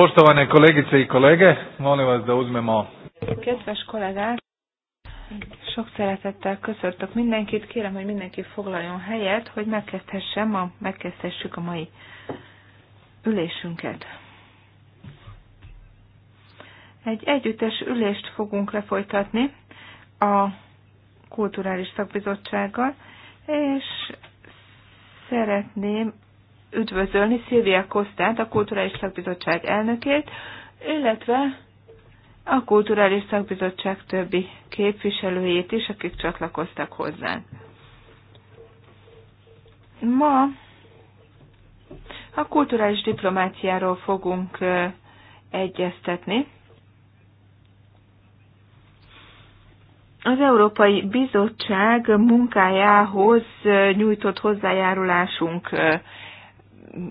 Poštovane kolegice i kolege, molim vas da uzmemo... Kedves kollégák, sok szeretettel köszöntök mindenkit, kérem, hogy mindenki foglaljon helyet, hogy megkezdhessem a, megkezdhessük a mai ülésünket. Egy együttes ülést fogunk lefolytatni a Kulturális Szakbizottsággal, és szeretném üdvözölni Szilvia Kosztát, a Kulturális Szakbizottság elnökét, illetve a Kulturális Szakbizottság többi képviselőjét is, akik csatlakoztak hozzánk. Ma a kulturális diplomáciáról fogunk egyeztetni. Az Európai Bizottság munkájához nyújtott hozzájárulásunk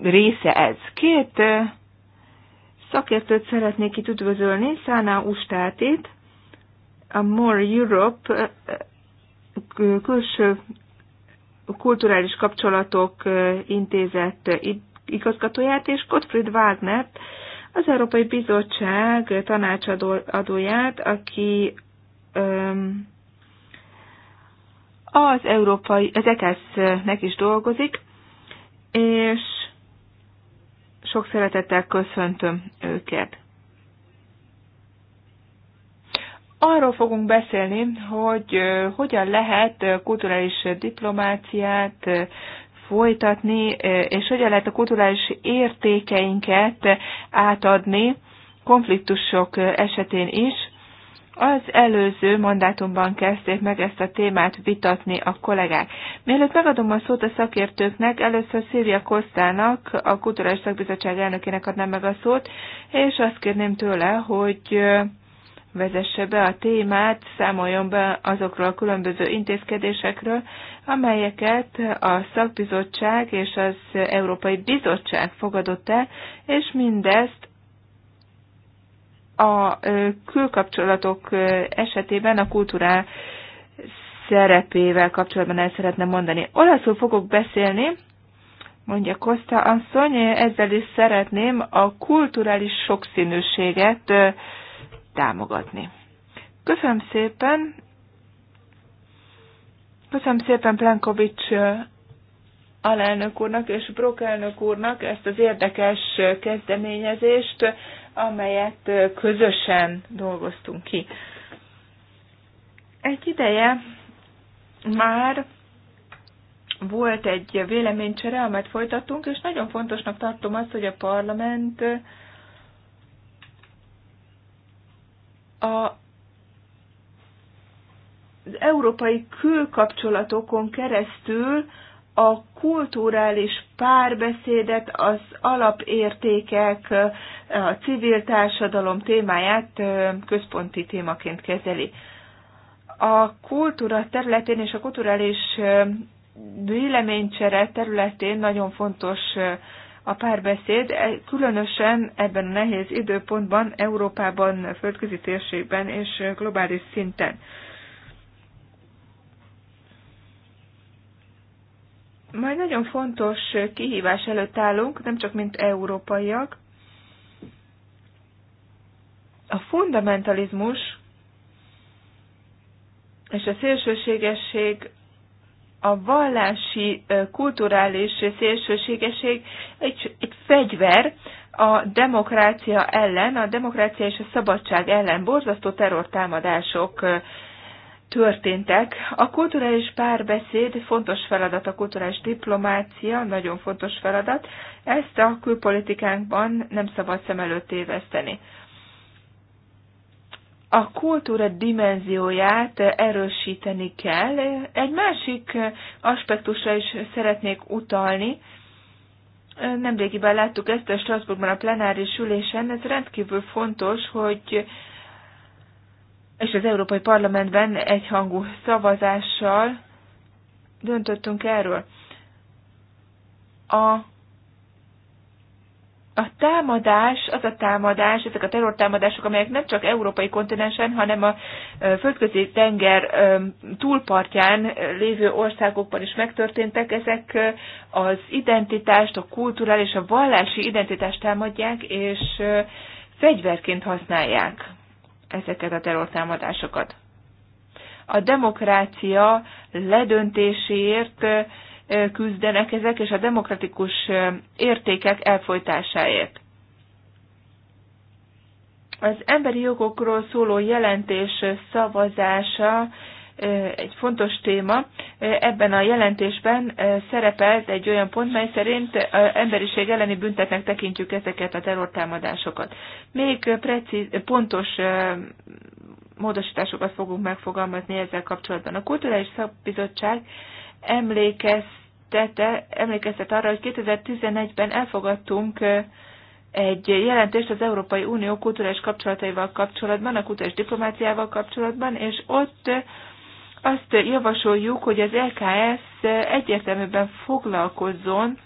része ez. Két szakértőt szeretnék itt üdvözölni, Szána Ustátit, a More Europe külső kulturális kapcsolatok intézet igazgatóját, és Gottfried Wagner, az Európai Bizottság tanácsadóját, aki az európai, az EKSZ-nek is dolgozik, és sok szeretettel köszöntöm őket. Arról fogunk beszélni, hogy hogyan lehet kulturális diplomáciát folytatni, és hogyan lehet a kulturális értékeinket átadni konfliktusok esetén is, az előző mandátumban kezdték meg ezt a témát vitatni a kollégák. Mielőtt megadom a szót a szakértőknek, először Szilvia Kosztának, a Kulturális Szakbizottság elnökének adnám meg a szót, és azt kérném tőle, hogy vezesse be a témát, számoljon be azokról a különböző intézkedésekről, amelyeket a szakbizottság és az Európai Bizottság fogadott el, és mindezt a külkapcsolatok esetében a kultúrá szerepével kapcsolatban el szeretne mondani. Olaszul fogok beszélni, mondja Kosta asszony, ezzel is szeretném a kulturális sokszínűséget támogatni. Köszönöm szépen, köszönöm szépen Plankovics alelnök úrnak és Brok elnök úrnak ezt az érdekes kezdeményezést amelyet közösen dolgoztunk ki. Egy ideje már volt egy véleménycsere, amelyet folytattunk, és nagyon fontosnak tartom azt, hogy a parlament a az európai külkapcsolatokon keresztül a kulturális párbeszédet, az alapértékek, a civil társadalom témáját központi témaként kezeli. A kultúra területén és a kulturális véleménycsere területén nagyon fontos a párbeszéd, e, különösen ebben a nehéz időpontban, Európában, földközi térségben és globális szinten. Majd nagyon fontos kihívás előtt állunk, nem csak mint európaiak. A fundamentalizmus és a szélsőségesség, a vallási, kulturális szélsőségesség egy, egy fegyver a demokrácia ellen, a demokrácia és a szabadság ellen borzasztó terrortámadások történtek. A kulturális párbeszéd fontos feladat, a kulturális diplomácia nagyon fontos feladat. Ezt a külpolitikánkban nem szabad szem előtt téveszteni. A kultúra dimenzióját erősíteni kell. Egy másik aspektusra is szeretnék utalni. Nemrégiben láttuk ezt a Strasbourgban a plenáris ülésen. Ez rendkívül fontos, hogy és az Európai Parlamentben egyhangú szavazással döntöttünk erről. A, a támadás, az a támadás, ezek a terrortámadások, amelyek nem csak európai kontinensen, hanem a földközi tenger túlpartján lévő országokban is megtörténtek, ezek az identitást, a kulturális, a vallási identitást támadják, és fegyverként használják ezeket a terrortámadásokat. A demokrácia ledöntéséért küzdenek ezek, és a demokratikus értékek elfolytásáért. Az emberi jogokról szóló jelentés szavazása egy fontos téma. Ebben a jelentésben szerepelt egy olyan pont, mely szerint emberiség elleni büntetnek tekintjük ezeket a terrortámadásokat. Még precíz, pontos módosításokat fogunk megfogalmazni ezzel kapcsolatban. A Kulturális Szakbizottság emlékeztete, emlékeztet arra, hogy 2011-ben elfogadtunk egy jelentést az Európai Unió kulturális kapcsolataival kapcsolatban, a kulturális diplomáciával kapcsolatban, és ott azt javasoljuk, hogy az LKS egyértelműben foglalkozzon,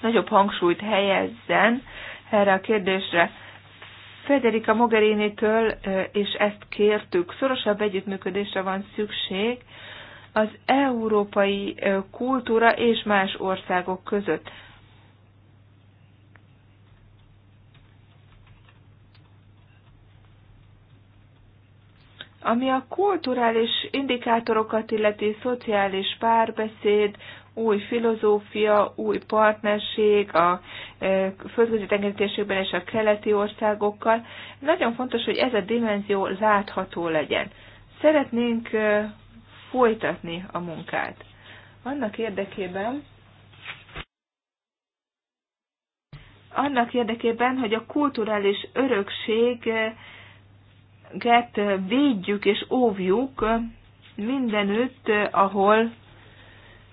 nagyobb hangsúlyt helyezzen erre a kérdésre. Federica Mogherini-től, és ezt kértük, szorosabb együttműködésre van szükség az európai kultúra és más országok között. Ami a kulturális indikátorokat illeti szociális párbeszéd, új filozófia, új partnerség a e, földközi tengerítésekben és a keleti országokkal. Nagyon fontos, hogy ez a dimenzió látható legyen. Szeretnénk e, folytatni a munkát. Annak érdekében, annak érdekében, hogy a kulturális örökség e, gett védjük és óvjuk mindenütt, ahol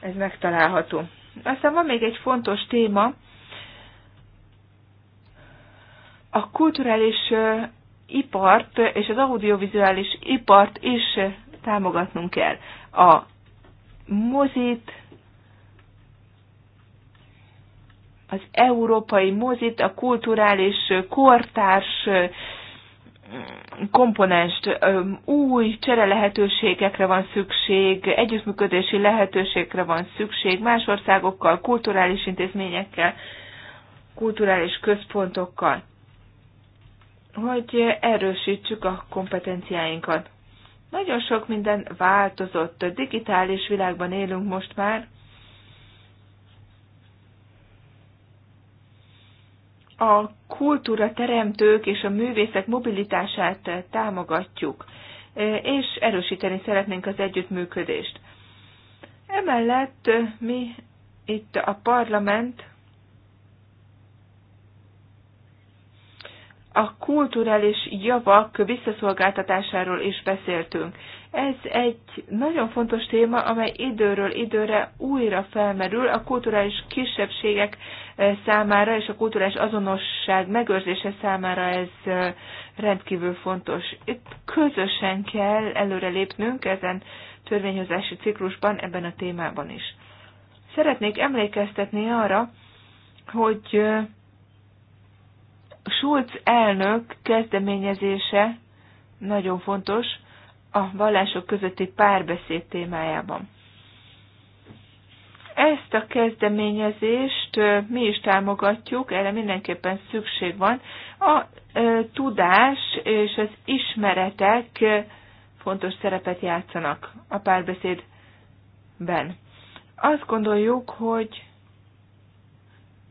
ez megtalálható. Aztán van még egy fontos téma, a kulturális ipart és az audiovizuális ipart is támogatnunk kell. A mozit, az európai mozit, a kulturális kortárs komponenst, új csere lehetőségekre van szükség, együttműködési lehetőségekre van szükség más országokkal, kulturális intézményekkel, kulturális központokkal, hogy erősítsük a kompetenciáinkat. Nagyon sok minden változott, digitális világban élünk most már, a kultúra teremtők és a művészek mobilitását támogatjuk, és erősíteni szeretnénk az együttműködést. Emellett mi itt a parlament a kulturális javak visszaszolgáltatásáról is beszéltünk. Ez egy nagyon fontos téma, amely időről időre újra felmerül a kulturális kisebbségek eh, számára és a kulturális azonosság megőrzése számára ez eh, rendkívül fontos. Itt közösen kell előrelépnünk ezen törvényhozási ciklusban, ebben a témában is. Szeretnék emlékeztetni arra, hogy eh, Schulz elnök kezdeményezése nagyon fontos, a vallások közötti párbeszéd témájában. Ezt a kezdeményezést mi is támogatjuk, erre mindenképpen szükség van. A tudás és az ismeretek fontos szerepet játszanak a párbeszédben. Azt gondoljuk, hogy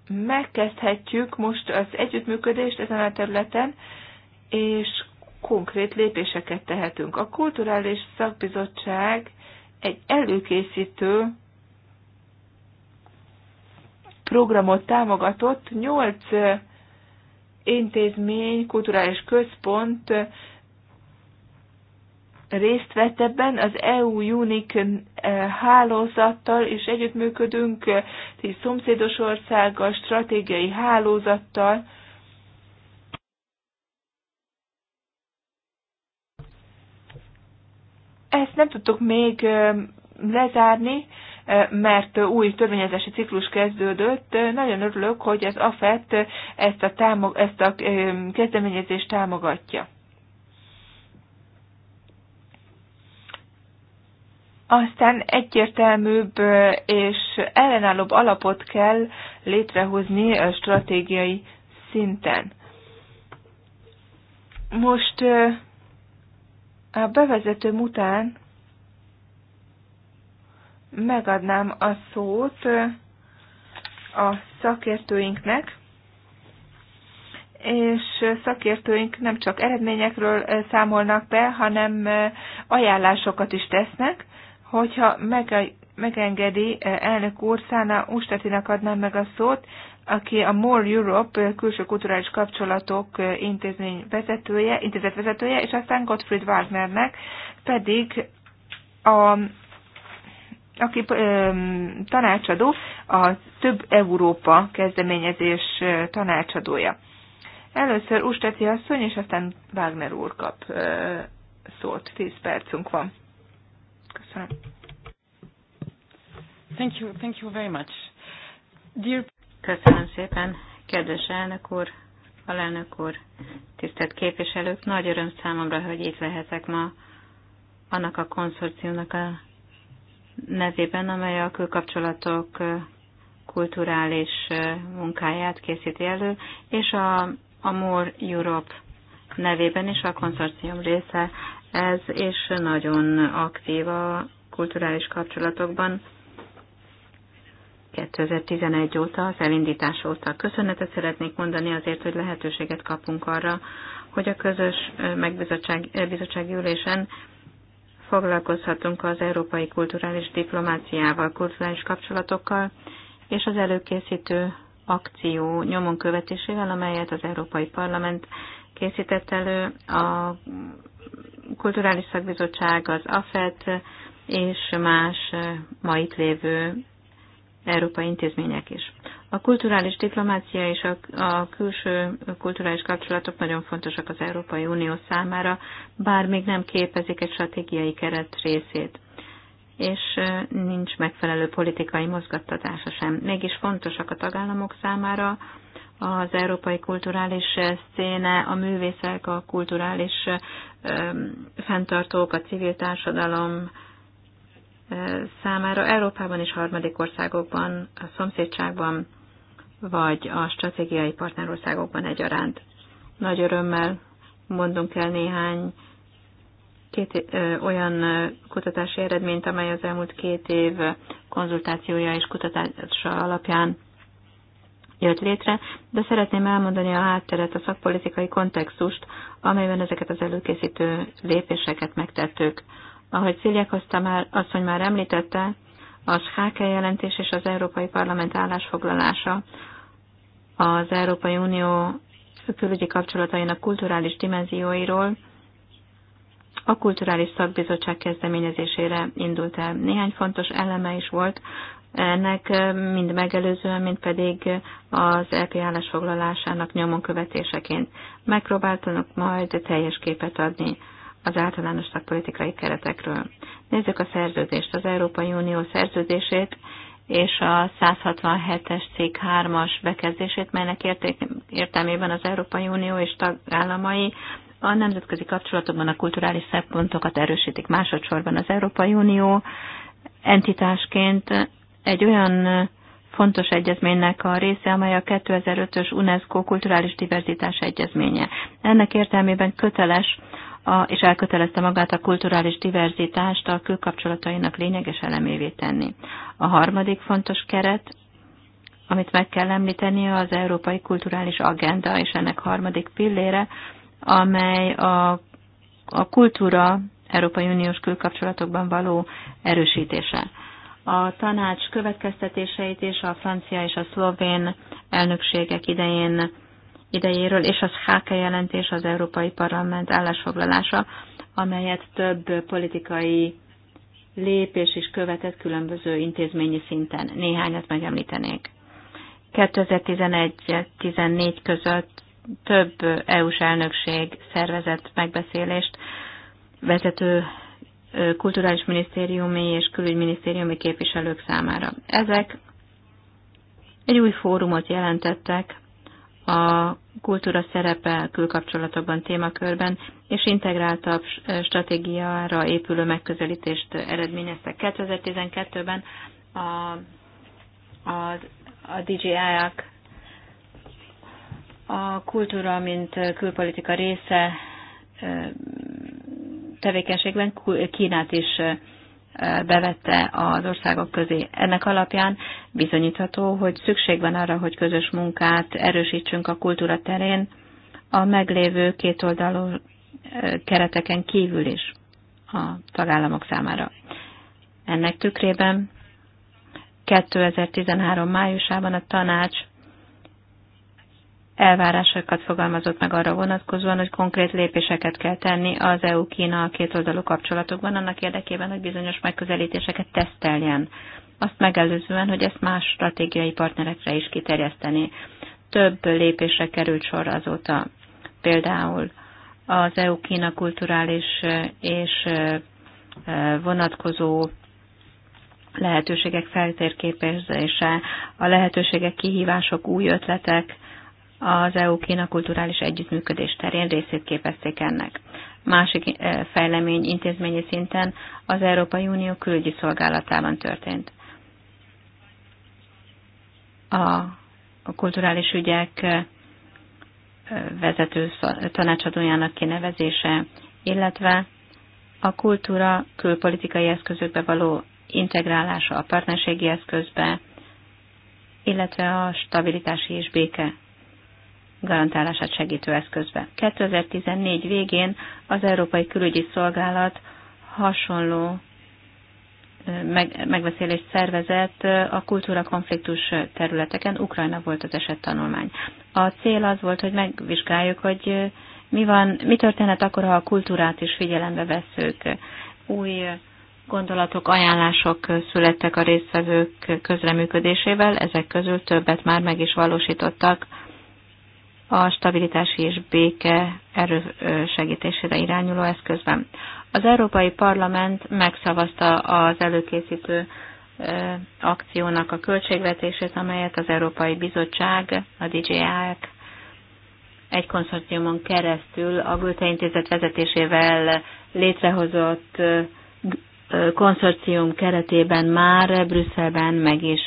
megkezdhetjük most az együttműködést ezen a területen, és konkrét lépéseket tehetünk. A Kulturális Szakbizottság egy előkészítő programot támogatott, nyolc intézmény, kulturális központ részt vett ebben, az EU Unic eh, hálózattal is együttműködünk, szomszédos országgal, stratégiai hálózattal, Ezt nem tudtuk még lezárni, mert új törvényezési ciklus kezdődött. Nagyon örülök, hogy az AFET ezt a, támog, ezt a kezdeményezést támogatja. Aztán egyértelműbb és ellenállóbb alapot kell létrehozni a stratégiai szinten. Most a bevezetőm után megadnám a szót a szakértőinknek, és szakértőink nem csak eredményekről számolnak be, hanem ajánlásokat is tesznek. Hogyha megengedi elnök úr, Szána Ustatinak adnám meg a szót, aki a More Europe külső kulturális kapcsolatok intézmény vezetője, intézet vezetője, és aztán Gottfried Wagnernek pedig a aki tanácsadó, a Több Európa kezdeményezés tanácsadója. Először Usteti asszony, és aztán Wagner úr kap szót. Tíz percünk van. Köszönöm. Thank you, thank you very much. Dear... Köszönöm szépen, kedves elnök úr, alelnök úr, tisztelt képviselők. Nagy öröm számomra, hogy itt lehetek ma annak a konszorciumnak a nevében, amely a külkapcsolatok kulturális munkáját készíti elő, és a, a More Europe nevében is a konszorcium része ez, és nagyon aktív a kulturális kapcsolatokban 2011 óta, az elindítás óta. Köszönetet szeretnék mondani azért, hogy lehetőséget kapunk arra, hogy a közös megbizottsági ülésen foglalkozhatunk az európai kulturális diplomáciával, kulturális kapcsolatokkal és az előkészítő akció nyomon követésével, amelyet az Európai Parlament készített elő, a Kulturális Szakbizottság, az AFET és más ma itt lévő európai intézmények is. A kulturális diplomácia és a, a külső kulturális kapcsolatok nagyon fontosak az Európai Unió számára, bár még nem képezik egy stratégiai keret részét és nincs megfelelő politikai mozgattatása sem. Mégis fontosak a tagállamok számára az európai kulturális széne, a művészek, a kulturális fenntartók, a civil társadalom, számára Európában és harmadik országokban, a szomszédságban vagy a stratégiai partnerországokban egyaránt. Nagy örömmel mondunk el néhány két, ö, olyan kutatási eredményt, amely az elmúlt két év konzultációja és kutatása alapján jött létre, de szeretném elmondani a hátteret, a szakpolitikai kontextust, amelyben ezeket az előkészítő lépéseket megtettük. Ahogy Sziliek már, asszony már említette, a Scháke jelentés és az Európai Parlament állásfoglalása az Európai Unió külügyi kapcsolatainak kulturális dimenzióiról a Kulturális Szakbizottság kezdeményezésére indult el. Néhány fontos eleme is volt ennek mind megelőzően, mind pedig az EP állásfoglalásának nyomon követéseként. Megpróbáltunk majd teljes képet adni az általános szakpolitikai keretekről. Nézzük a szerződést, az Európai Unió szerződését és a 167-es cikk 3-as bekezdését, melynek értelmében az Európai Unió és tagállamai a nemzetközi kapcsolatokban a kulturális szempontokat erősítik. Másodszorban az Európai Unió entitásként egy olyan fontos egyezménynek a része, amely a 2005-ös UNESCO kulturális diverzitás egyezménye. Ennek értelmében köteles a, és elkötelezte magát a kulturális diverzitást a külkapcsolatainak lényeges elemévé tenni. A harmadik fontos keret, amit meg kell említeni, az Európai Kulturális Agenda és ennek harmadik pillére, amely a, a kultúra Európai Uniós külkapcsolatokban való erősítése. A tanács következtetéseit és a francia és a szlovén elnökségek idején idejéről, és az HK jelentés az Európai Parlament állásfoglalása, amelyet több politikai lépés is követett különböző intézményi szinten. Néhányat megemlítenék. 2011-14 között több EU-s elnökség szervezett megbeszélést vezető kulturális minisztériumi és külügyminisztériumi képviselők számára. Ezek egy új fórumot jelentettek a kultúra szerepe külkapcsolatokban témakörben, és integráltabb e, stratégiára épülő megközelítést eredményeztek. 2012-ben a, a, a DJI-ak a kultúra, mint külpolitika része e, tevékenységben Kínát is e, bevette az országok közé. Ennek alapján Bizonyítható, hogy szükség van arra, hogy közös munkát erősítsünk a kultúra terén a meglévő kétoldalú kereteken kívül is a tagállamok számára. Ennek tükrében 2013. májusában a tanács elvárásokat fogalmazott meg arra vonatkozóan, hogy konkrét lépéseket kell tenni az EU-Kína kétoldalú kapcsolatokban, annak érdekében, hogy bizonyos megközelítéseket teszteljen azt megelőzően, hogy ezt más stratégiai partnerekre is kiterjeszteni. Több lépésre került sor azóta, például az EU-Kína kulturális és vonatkozó lehetőségek feltérképezése, a lehetőségek, kihívások, új ötletek az EU-Kína kulturális együttműködés terén részét képezték ennek. Másik fejlemény intézményi szinten az Európai Unió külügyi szolgálatában történt a kulturális ügyek vezető tanácsadójának kinevezése, illetve a kultúra külpolitikai eszközökbe való integrálása a partnerségi eszközbe, illetve a stabilitási és béke garantálását segítő eszközbe. 2014 végén az Európai Külügyi Szolgálat hasonló megbeszélést szervezett a kultúra konfliktus területeken. Ukrajna volt az eset tanulmány. A cél az volt, hogy megvizsgáljuk, hogy mi, van, mi történhet akkor, ha a kultúrát is figyelembe veszük. Új gondolatok, ajánlások születtek a résztvevők közreműködésével, ezek közül többet már meg is valósítottak a stabilitási és béke erősegítésére irányuló eszközben. Az Európai Parlament megszavazta az előkészítő akciónak a költségvetését, amelyet az Európai Bizottság, a dji ek egy konszorciumon keresztül a Goethe Intézet vezetésével létrehozott konszorcium keretében már Brüsszelben meg is,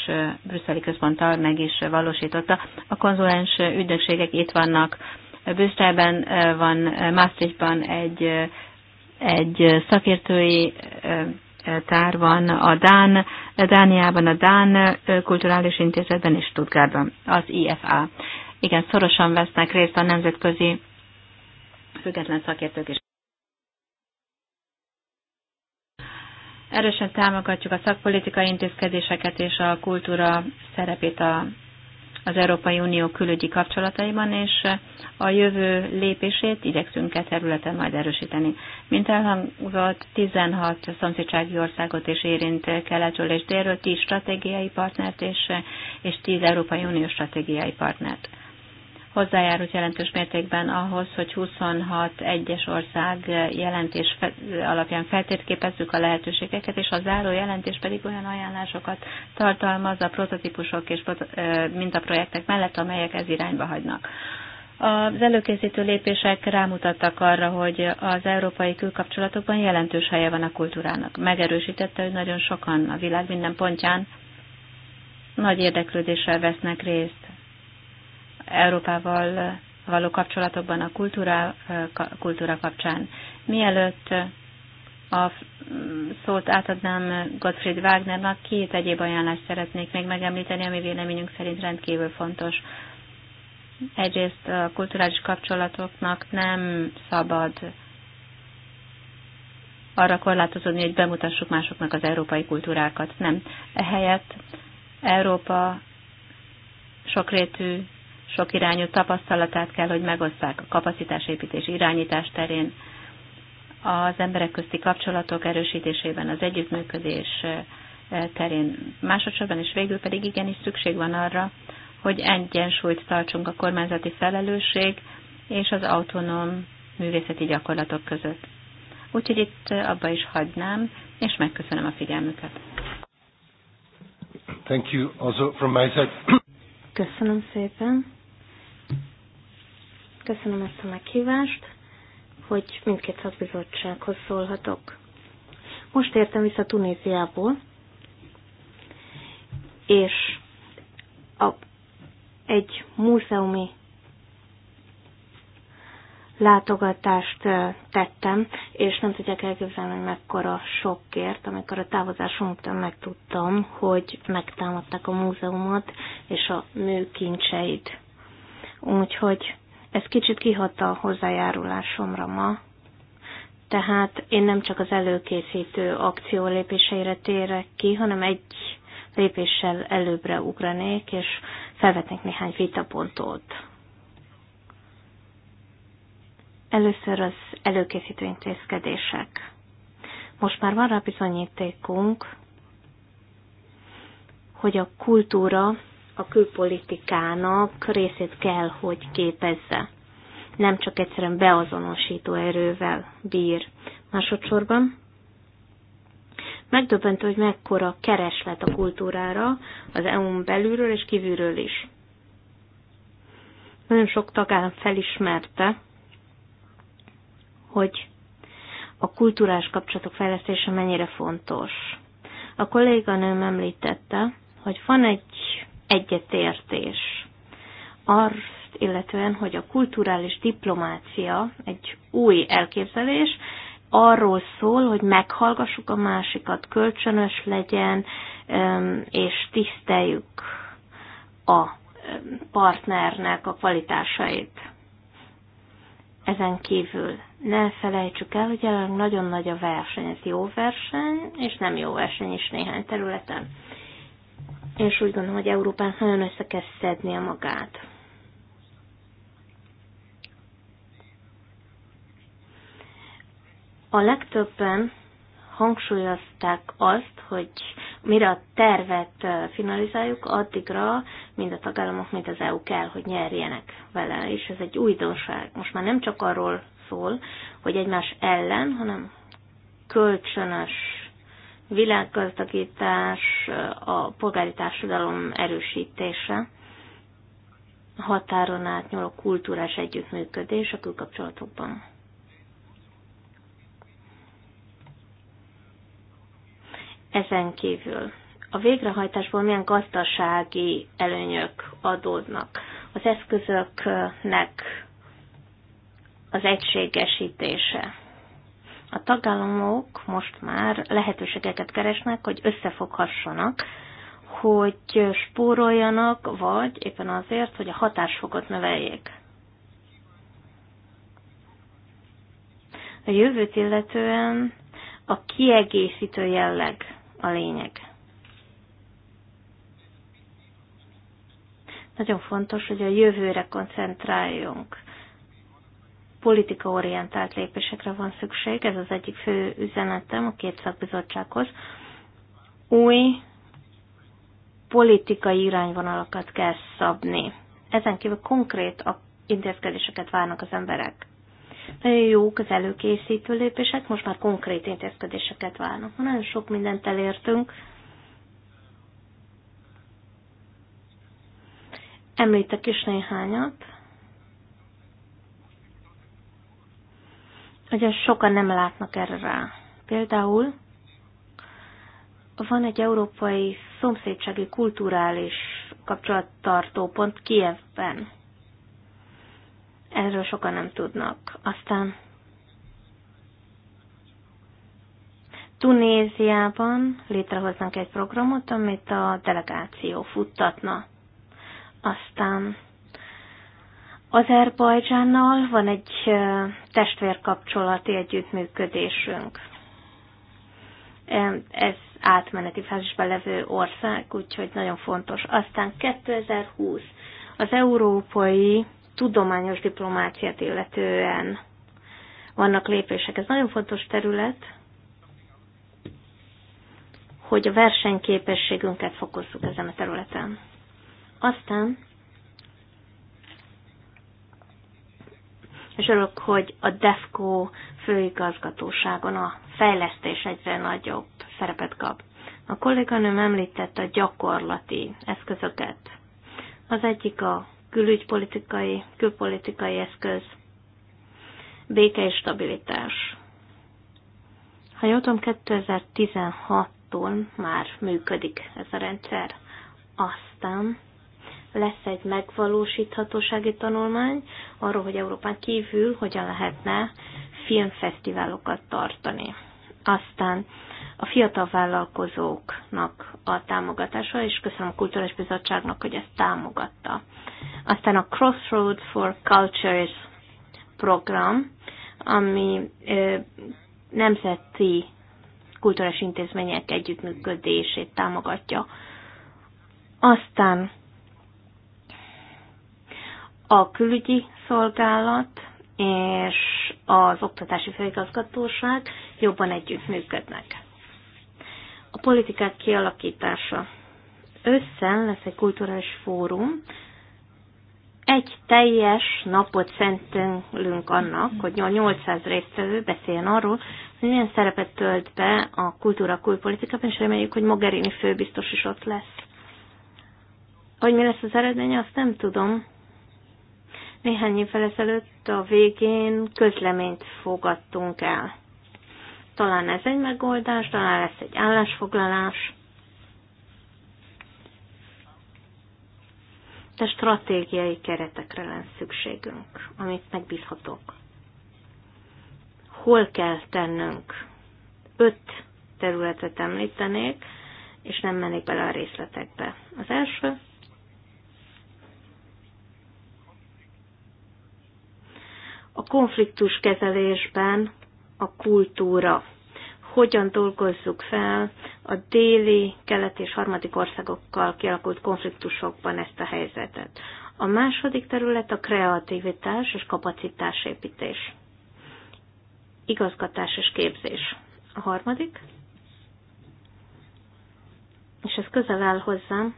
brüsszeli központtal meg is valósította. A konzulens ügynökségek itt vannak. Brüsszelben van, Maastrichtban egy egy szakértői tár van a Dán, Dániában, a Dán Kulturális Intézetben és Stuttgartban, az IFA. Igen, szorosan vesznek részt a nemzetközi független szakértők is. Erősen támogatjuk a szakpolitikai intézkedéseket és a kultúra szerepét a az Európai Unió külügyi kapcsolataiban, és a jövő lépését igyekszünk e területen majd erősíteni. Mint elhangzott, 16 szomszédsági országot is érint keletről és délről, 10 stratégiai partnert és, és 10 Európai Unió stratégiai partnert hozzájárult jelentős mértékben ahhoz, hogy 26 egyes ország jelentés alapján feltérképezzük a lehetőségeket, és a záró jelentés pedig olyan ajánlásokat tartalmaz a prototípusok és mintaprojektek mellett, amelyek ez irányba hagynak. Az előkészítő lépések rámutattak arra, hogy az európai külkapcsolatokban jelentős helye van a kultúrának. Megerősítette, hogy nagyon sokan a világ minden pontján nagy érdeklődéssel vesznek részt Európával való kapcsolatokban a kultúra, kultúra kapcsán. Mielőtt a szót átadnám Gottfried Wagnernak, két egyéb ajánlást szeretnék még megemlíteni, ami véleményünk szerint rendkívül fontos. Egyrészt a kulturális kapcsolatoknak nem szabad arra korlátozódni, hogy bemutassuk másoknak az európai kultúrákat. Nem. Ehelyett Európa sokrétű sok irányú tapasztalatát kell, hogy megosszák a kapacitásépítés irányítás terén, az emberek közti kapcsolatok erősítésében, az együttműködés eh, terén. Másodszorban és végül pedig igenis szükség van arra, hogy egyensúlyt tartsunk a kormányzati felelősség és az autonóm művészeti gyakorlatok között. Úgyhogy itt eh, abba is hagynám, és megköszönöm a figyelmüket. Thank you also from my side. Köszönöm szépen. Köszönöm ezt a meghívást, hogy mindkét szakbizottsághoz szólhatok. Most értem vissza Tunéziából, és a, egy múzeumi látogatást tettem, és nem tudják elképzelni, hogy mekkora sokkért, amikor a után megtudtam, hogy megtámadták a múzeumot és a műkincseit. Úgyhogy ez kicsit kihatta a hozzájárulásomra ma, tehát én nem csak az előkészítő akció lépéseire térek ki, hanem egy lépéssel előbbre ugranék, és felvetnék néhány vitapontot. Először az előkészítő intézkedések. Most már van rá bizonyítékunk, hogy a kultúra a külpolitikának részét kell, hogy képezze. Nem csak egyszerűen beazonosító erővel bír. Másodszorban megdöbbentő, hogy mekkora kereslet a kultúrára az EU-n belülről és kívülről is. Nagyon sok tagállam felismerte, hogy a kulturális kapcsolatok fejlesztése mennyire fontos. A kolléganőm említette, hogy van egy egyetértés. Azt illetően, hogy a kulturális diplomácia egy új elképzelés, arról szól, hogy meghallgassuk a másikat, kölcsönös legyen, és tiszteljük a partnernek a kvalitásait. Ezen kívül ne felejtsük el, hogy jelenleg nagyon nagy a verseny, ez jó verseny, és nem jó verseny is néhány területen. Én is úgy gondolom, hogy Európán nagyon össze kell szednie magát. A legtöbben hangsúlyozták azt, hogy mire a tervet finalizáljuk, addigra mind a tagállamok, mind az EU kell, hogy nyerjenek vele, és ez egy újdonság. Most már nem csak arról szól, hogy egymás ellen, hanem kölcsönös világgazdagítás, a polgári társadalom erősítése, határon átnyúló kultúrás együttműködés a külkapcsolatokban. Ezen kívül a végrehajtásból milyen gazdasági előnyök adódnak. Az eszközöknek az egységesítése, a tagállamok most már lehetőségeket keresnek, hogy összefoghassanak, hogy spóroljanak, vagy éppen azért, hogy a hatásfokot növeljék. A jövőt illetően a kiegészítő jelleg a lényeg. Nagyon fontos, hogy a jövőre koncentráljunk politikaorientált lépésekre van szükség, ez az egyik fő üzenetem a két szakbizottsághoz. Új politikai irányvonalakat kell szabni. Ezen kívül konkrét intézkedéseket várnak az emberek. Nagyon jók az előkészítő lépések, most már konkrét intézkedéseket várnak. Nagyon sok mindent elértünk. Említek is néhányat. Nagyon sokan nem látnak erre rá. Például van egy európai szomszédsági kulturális kapcsolattartó pont Kievben. Erről sokan nem tudnak. Aztán Tunéziában létrehoznak egy programot, amit a delegáció futtatna. Aztán Azerbajdzsánnal van egy testvérkapcsolati együttműködésünk. Ez átmeneti fázisban levő ország, úgyhogy nagyon fontos. Aztán 2020 az európai tudományos diplomáciát illetően vannak lépések. Ez nagyon fontos terület, hogy a versenyképességünket fokozzuk ezen a területen. Aztán és örülök, hogy a DEFCO főigazgatóságon a fejlesztés egyre nagyobb szerepet kap. A kolléganőm említette a gyakorlati eszközöket. Az egyik a külügypolitikai, külpolitikai eszköz, béke és stabilitás. Ha jól tudom, 2016-tól már működik ez a rendszer. Aztán lesz egy megvalósíthatósági tanulmány arról, hogy Európán kívül hogyan lehetne filmfesztiválokat tartani. Aztán a fiatal vállalkozóknak a támogatása, és köszönöm a Kulturális Bizottságnak, hogy ezt támogatta. Aztán a Crossroad for Cultures program, ami ö, nemzeti kulturális intézmények együttműködését támogatja. Aztán a külügyi szolgálat és az oktatási főigazgatóság jobban együttműködnek. A politikák kialakítása. Összen lesz egy kulturális fórum. Egy teljes napot szentelünk annak, hogy a 800 résztvevő beszéljen arról, hogy milyen szerepet tölt be a kultúra külpolitikában, és reméljük, hogy Mogherini főbiztos is ott lesz. Hogy mi lesz az eredménye, azt nem tudom, néhány évvel ezelőtt a végén közleményt fogadtunk el. Talán ez egy megoldás, talán lesz egy állásfoglalás. De stratégiai keretekre lenne szükségünk, amit megbízhatok. Hol kell tennünk? Öt területet említenék, és nem mennék bele a részletekbe. Az első a konfliktus kezelésben a kultúra. Hogyan dolgozzuk fel a déli, kelet és harmadik országokkal kialakult konfliktusokban ezt a helyzetet. A második terület a kreativitás és kapacitásépítés. Igazgatás és képzés. A harmadik, és ez közel áll hozzám,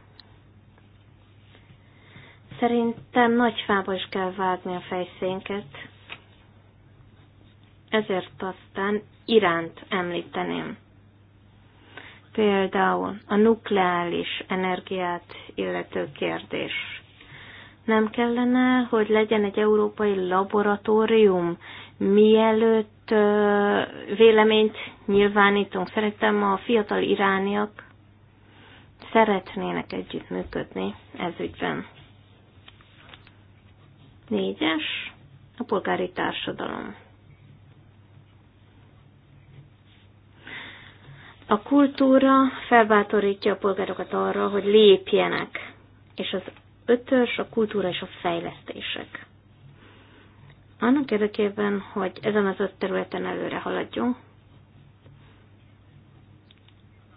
szerintem nagy fába is kell vágni a fejszénket, ezért aztán iránt említeném. Például a nukleáris energiát illető kérdés. Nem kellene, hogy legyen egy európai laboratórium, mielőtt véleményt nyilvánítunk. Szerintem a fiatal irániak szeretnének együttműködni ez ügyben. Négyes, a polgári társadalom. A kultúra felbátorítja a polgárokat arra, hogy lépjenek, és az ötös a kultúra és a fejlesztések. Annak érdekében, hogy ezen az öt területen előre haladjunk,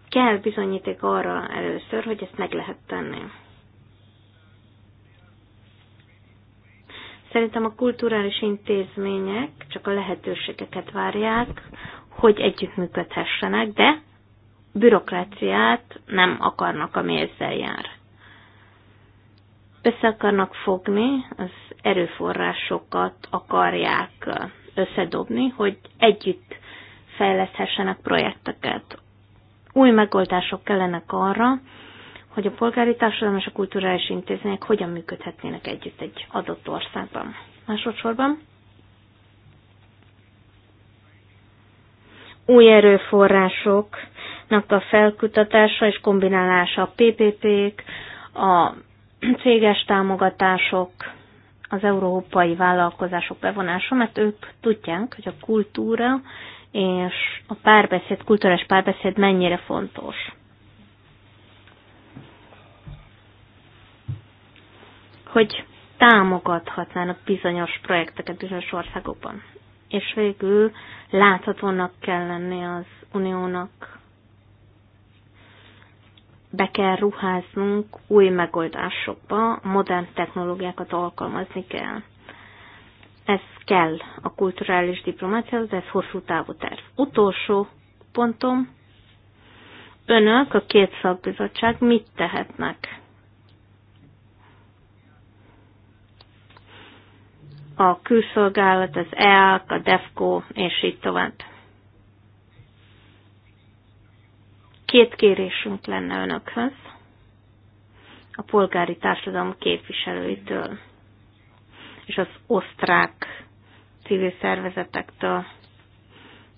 kell bizonyíték arra először, hogy ezt meg lehet tenni. Szerintem a kulturális intézmények csak a lehetőségeket várják, hogy együttműködhessenek, de bürokráciát nem akarnak, ami ezzel jár. Össze akarnak fogni, az erőforrásokat akarják összedobni, hogy együtt fejleszthessenek projekteket. Új megoldások kellenek arra, hogy a polgári társadalom és a kulturális intézmények hogyan működhetnének együtt egy adott országban. Másodszorban új erőforrások a felkutatása és kombinálása a PPP-k, a céges támogatások, az európai vállalkozások bevonása, mert ők tudják, hogy a kultúra és a párbeszéd, kulturális párbeszéd mennyire fontos. Hogy támogathatnának bizonyos projekteket bizonyos országokban. És végül láthatónak kell lenni az uniónak be kell ruháznunk új megoldásokba, modern technológiákat alkalmazni kell. Ez kell a kulturális diplomáciához, ez hosszú távú terv. Utolsó pontom, önök, a két szakbizottság mit tehetnek? A külszolgálat, az EAK, a DEFCO, és így tovább. Két kérésünk lenne önökhöz a polgári társadalom képviselőitől és az osztrák civil szervezetektől.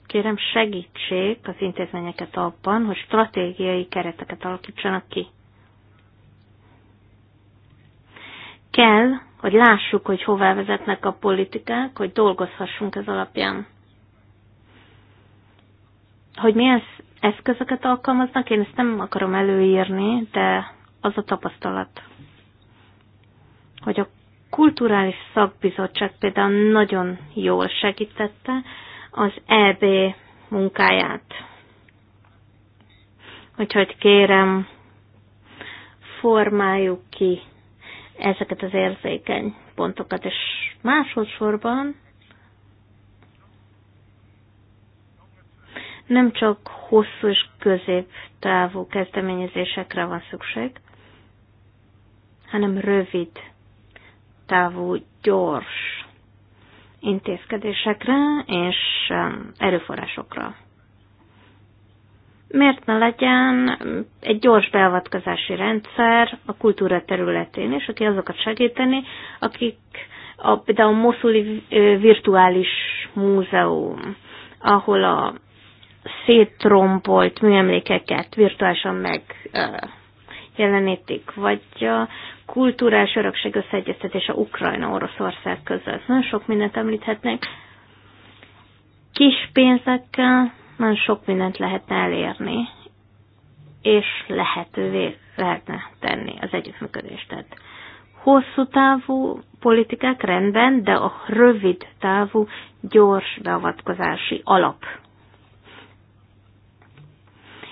Kérem segítsék az intézményeket abban, hogy stratégiai kereteket alakítsanak ki. Kell, hogy lássuk, hogy hová vezetnek a politikák, hogy dolgozhassunk ez alapján. Hogy milyen eszközöket alkalmaznak, én ezt nem akarom előírni, de az a tapasztalat, hogy a kulturális szakbizottság például nagyon jól segítette az EB munkáját. Úgyhogy kérem, formáljuk ki ezeket az érzékeny pontokat, és másodszorban nem csak hosszú és középtávú kezdeményezésekre van szükség, hanem rövid távú, gyors intézkedésekre és um, erőforrásokra. Miért ne legyen egy gyors beavatkozási rendszer a kultúra területén, és aki azokat segíteni, akik a, például a Moszuli Virtuális Múzeum, ahol a szétrombolt műemlékeket virtuálisan megjelenítik, vagy a kulturális örökség összeegyeztetése Ukrajna-Oroszország között. Nagyon sok mindent említhetnek Kis pénzekkel nagyon sok mindent lehetne elérni, és lehetővé lehetne tenni az együttműködést. Tehát hosszú távú politikák rendben, de a rövid távú gyors beavatkozási alap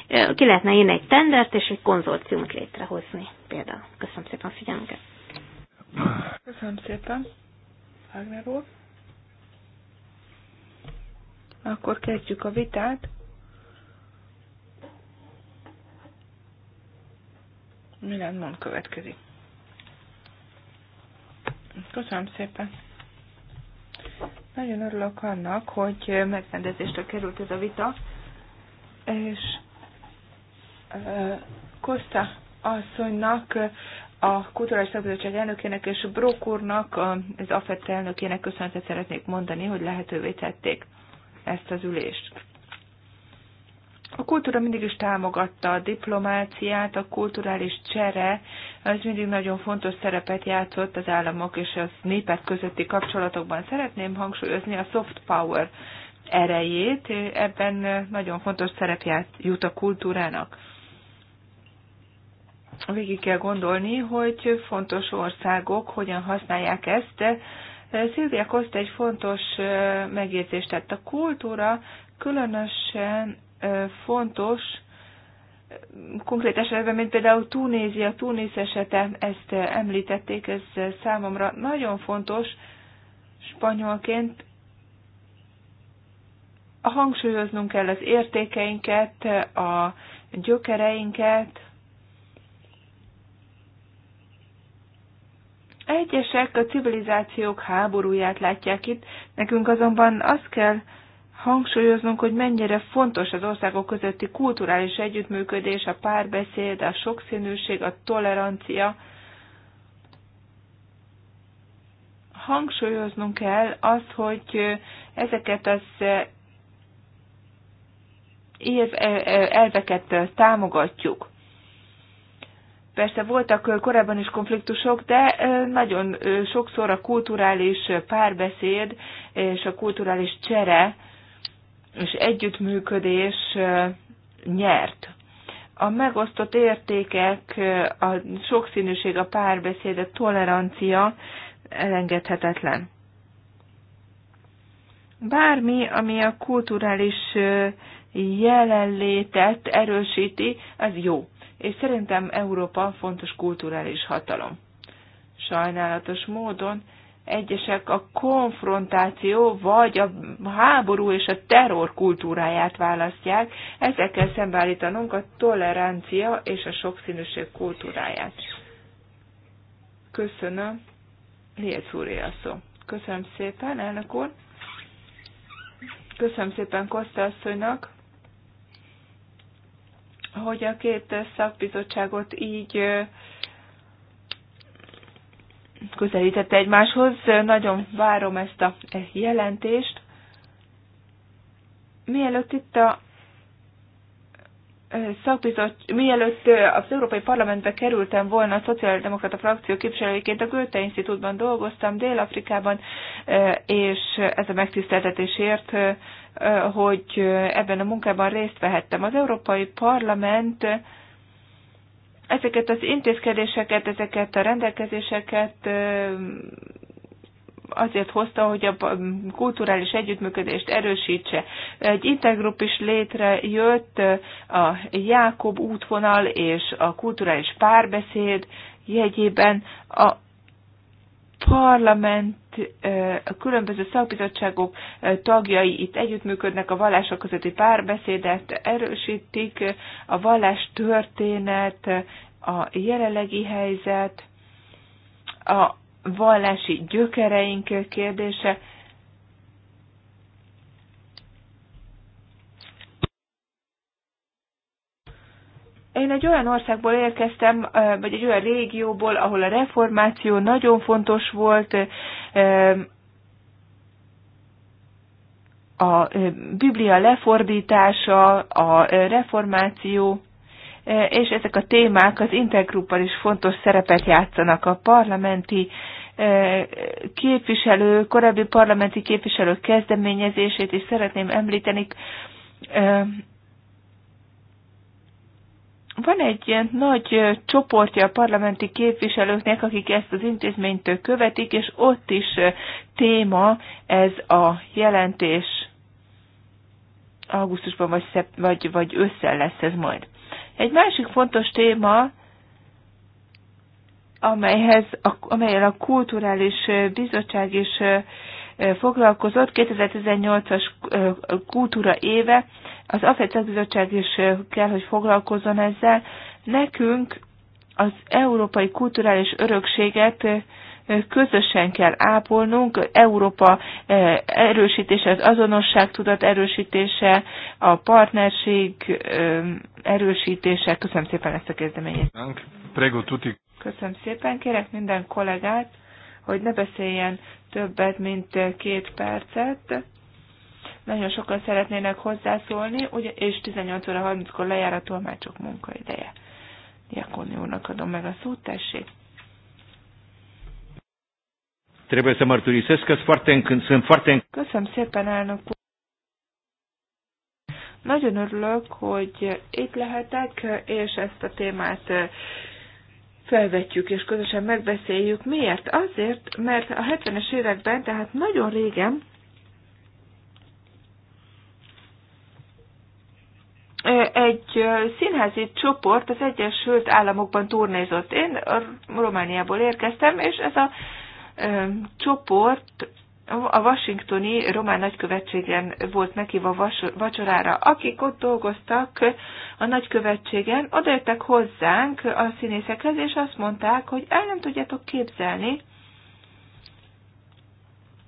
ki lehetne írni egy tendert és egy konzorciumot létrehozni például. Köszönöm szépen a figyelmüket. Köszönöm szépen. Wagner úr. Akkor kezdjük a vitát. Milyen mond következik. Köszönöm szépen. Nagyon örülök annak, hogy megrendezésre került ez a vita, és Kosta asszonynak, a Kulturális szabadság elnökének és Brok úrnak, az AFET elnökének köszönetet szeretnék mondani, hogy lehetővé tették ezt az ülést. A kultúra mindig is támogatta a diplomáciát, a kulturális csere, ez mindig nagyon fontos szerepet játszott az államok és az népek közötti kapcsolatokban. Szeretném hangsúlyozni a soft power erejét, ebben nagyon fontos szerep jut a kultúrának végig kell gondolni, hogy fontos országok hogyan használják ezt, eh, Szilvia Koszt egy fontos eh, megjegyzést tett. A kultúra különösen eh, fontos, konkrét esetben, mint például Tunézia, Tunéz esete, ezt említették, ez számomra nagyon fontos spanyolként. Hangsúlyoznunk kell az értékeinket, a gyökereinket, Egyesek a civilizációk háborúját látják itt, nekünk azonban azt kell hangsúlyoznunk, hogy mennyire fontos az országok közötti kulturális együttműködés, a párbeszéd, a sokszínűség, a tolerancia. Hangsúlyoznunk kell azt, hogy ezeket az e- e- elveket támogatjuk. Persze voltak korábban is konfliktusok, de nagyon sokszor a kulturális párbeszéd és a kulturális csere és együttműködés nyert. A megosztott értékek, a sokszínűség, a párbeszéd, a tolerancia elengedhetetlen. Bármi, ami a kulturális jelenlétet erősíti, az jó és szerintem Európa fontos kulturális hatalom. Sajnálatos módon egyesek a konfrontáció vagy a háború és a terror kultúráját választják, ezekkel szembeállítanunk a tolerancia és a sokszínűség kultúráját. Köszönöm. Liec úr szó. Köszönöm szépen, elnök úr. Köszönöm szépen Koszta asszonynak hogy a két szakbizottságot így közelítette egymáshoz. Nagyon várom ezt a jelentést. Mielőtt itt a szakbizot, mielőtt az Európai Parlamentbe kerültem volna a Szociáldemokrata frakció képviselőjéként, a Goethe Institútban dolgoztam Dél-Afrikában, és ez a megtiszteltetésért, hogy ebben a munkában részt vehettem. Az Európai Parlament ezeket az intézkedéseket, ezeket a rendelkezéseket azért hozta, hogy a kulturális együttműködést erősítse. Egy intergrup is létrejött, a Jákob útvonal és a kulturális párbeszéd jegyében a parlament, a különböző szakbizottságok tagjai itt együttműködnek, a vallások közötti párbeszédet erősítik, a vallás történet, a jelenlegi helyzet, a vallási gyökereink kérdése. Én egy olyan országból érkeztem, vagy egy olyan régióból, ahol a reformáció nagyon fontos volt, a Biblia lefordítása, a reformáció, és ezek a témák az intergruppal is fontos szerepet játszanak a parlamenti képviselő, korábbi parlamenti képviselők kezdeményezését is szeretném említeni. Van egy ilyen nagy csoportja a parlamenti képviselőknek, akik ezt az intézményt követik, és ott is téma ez a jelentés. Augusztusban vagy, vagy, vagy ősszel lesz ez majd. Egy másik fontos téma amelyhez, amelyen a Kulturális Bizottság is foglalkozott, 2018-as kultúra éve, az Afrika bizottság is kell, hogy foglalkozzon ezzel. Nekünk az európai kulturális örökséget közösen kell ápolnunk, Európa erősítése, az azonosságtudat erősítése, a partnerség erősítése. Köszönöm szépen ezt a kezdeményezést. Köszönöm szépen. Kérek minden kollégát, hogy ne beszéljen többet, mint két percet. Nagyon sokan szeretnének hozzászólni, ugye, és 18 óra 30-kor lejár a tolmácsok munkaideje. Diakoni úrnak adom meg a szót, tessék. Köszönöm szépen, elnök úr. Nagyon örülök, hogy itt lehetek, és ezt a témát felvetjük és közösen megbeszéljük. Miért? Azért, mert a 70-es években, tehát nagyon régen, egy színházi csoport az Egyesült Államokban turnézott. Én Romániából érkeztem, és ez a csoport a washingtoni román nagykövetségen volt meghívva vacsorára. Akik ott dolgoztak a nagykövetségen, odajöttek hozzánk a színészekhez, és azt mondták, hogy el nem tudjátok képzelni,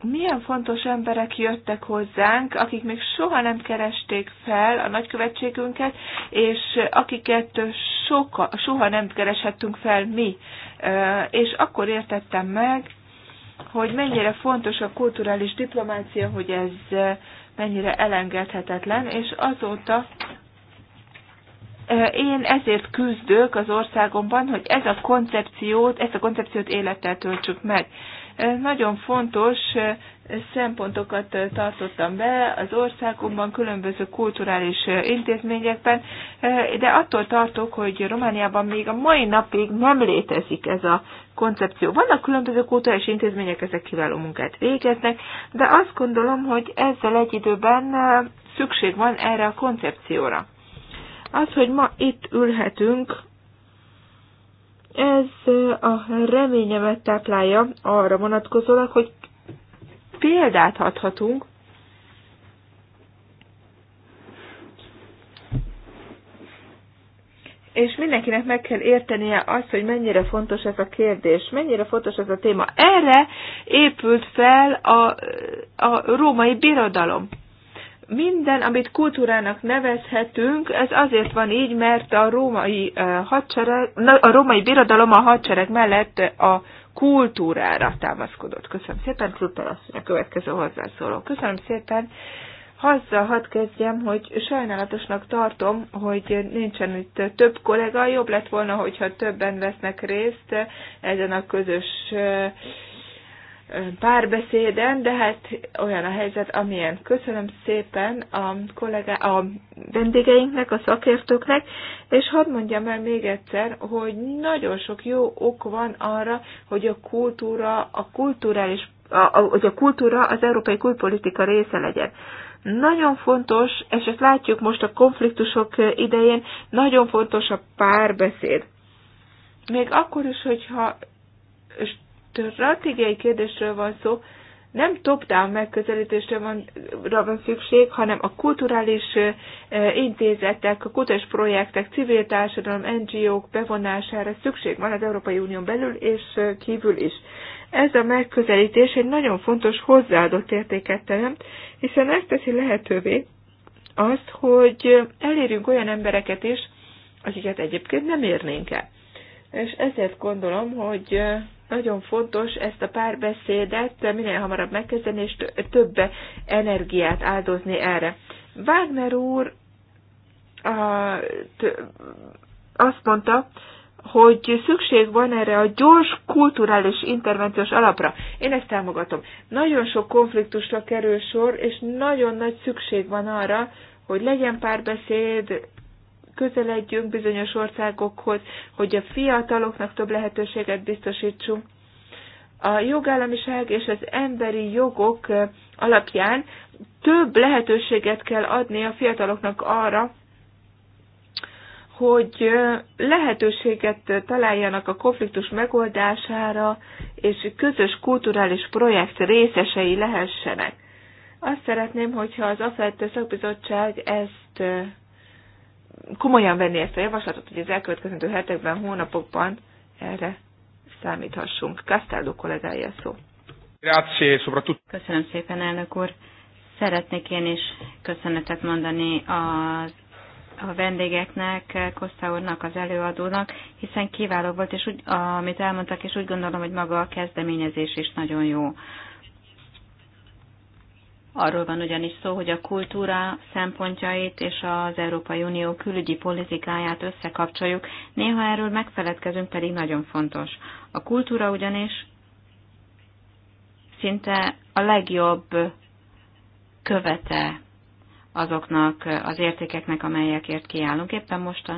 milyen fontos emberek jöttek hozzánk, akik még soha nem keresték fel a nagykövetségünket, és akiket soka, soha nem kereshettünk fel mi. És akkor értettem meg, hogy mennyire fontos a kulturális diplomácia, hogy ez mennyire elengedhetetlen, és azóta én ezért küzdök az országomban, hogy ez a koncepciót, ezt a koncepciót élettel töltsük meg. Nagyon fontos szempontokat tartottam be az országunkban különböző kulturális intézményekben, de attól tartok, hogy Romániában még a mai napig nem létezik ez a koncepció. Vannak különböző kulturális intézmények, ezek kiváló munkát végeznek, de azt gondolom, hogy ezzel egy időben szükség van erre a koncepcióra. Az, hogy ma itt ülhetünk, ez a reményemet táplálja arra vonatkozólag, hogy példát adhatunk és mindenkinek meg kell értenie azt, hogy mennyire fontos ez a kérdés, mennyire fontos ez a téma. Erre épült fel a, a római birodalom minden, amit kultúrának nevezhetünk, ez azért van így, mert a római, eh, hadsereg, a római birodalom a hadsereg mellett eh, a kultúrára támaszkodott. Köszönöm szépen, Kruppel asszony a következő hozzászóló. Köszönöm szépen. Azzal hadd kezdjem, hogy sajnálatosnak tartom, hogy nincsen itt több kollega, jobb lett volna, hogyha többen vesznek részt eh, ezen a közös párbeszéden, de hát olyan a helyzet, amilyen. Köszönöm szépen a, kollégá, a vendégeinknek, a szakértőknek, és hadd mondjam el még egyszer, hogy nagyon sok jó ok van arra, hogy a kultúra, a kulturális, a, a, hogy a kultúra az európai kultpolitika része legyen. Nagyon fontos, és ezt látjuk most a konfliktusok idején, nagyon fontos a párbeszéd. Még akkor is, hogyha stratégiai kérdésről van szó, nem top-down megközelítésre van, van szükség, hanem a kulturális intézetek, a kutatás projektek, civil társadalom, NGO-k bevonására szükség van az Európai Unión belül és kívül is. Ez a megközelítés egy nagyon fontos hozzáadott értéket teremt, hiszen ezt teszi lehetővé azt, hogy elérjünk olyan embereket is, akiket egyébként nem érnénk el. És ezért gondolom, hogy nagyon fontos ezt a párbeszédet minél hamarabb megkezdeni, és több energiát áldozni erre. Wagner úr a, azt mondta, hogy szükség van erre a gyors kulturális intervenciós alapra. Én ezt támogatom. Nagyon sok konfliktusra kerül sor, és nagyon nagy szükség van arra, hogy legyen párbeszéd, közeledjünk bizonyos országokhoz, hogy a fiataloknak több lehetőséget biztosítsunk. A jogállamiság és az emberi jogok eh, alapján több lehetőséget kell adni a fiataloknak arra, hogy eh, lehetőséget találjanak a konfliktus megoldására, és közös kulturális projekt részesei lehessenek. Azt szeretném, hogyha az AFET szakbizottság ezt eh, komolyan venni ezt a javaslatot, hogy az elkövetkezendő hetekben, hónapokban erre számíthassunk. Castaldo kollégája szó. Köszönöm szépen, elnök úr. Szeretnék én is köszönetet mondani a, a vendégeknek, Kosta úrnak, az előadónak, hiszen kiváló volt, és úgy, amit elmondtak, és úgy gondolom, hogy maga a kezdeményezés is nagyon jó. Arról van ugyanis szó, hogy a kultúra szempontjait és az Európai Unió külügyi politikáját összekapcsoljuk, néha erről megfeledkezünk, pedig nagyon fontos. A kultúra ugyanis szinte a legjobb követe azoknak az értékeknek, amelyekért kiállunk. Éppen most,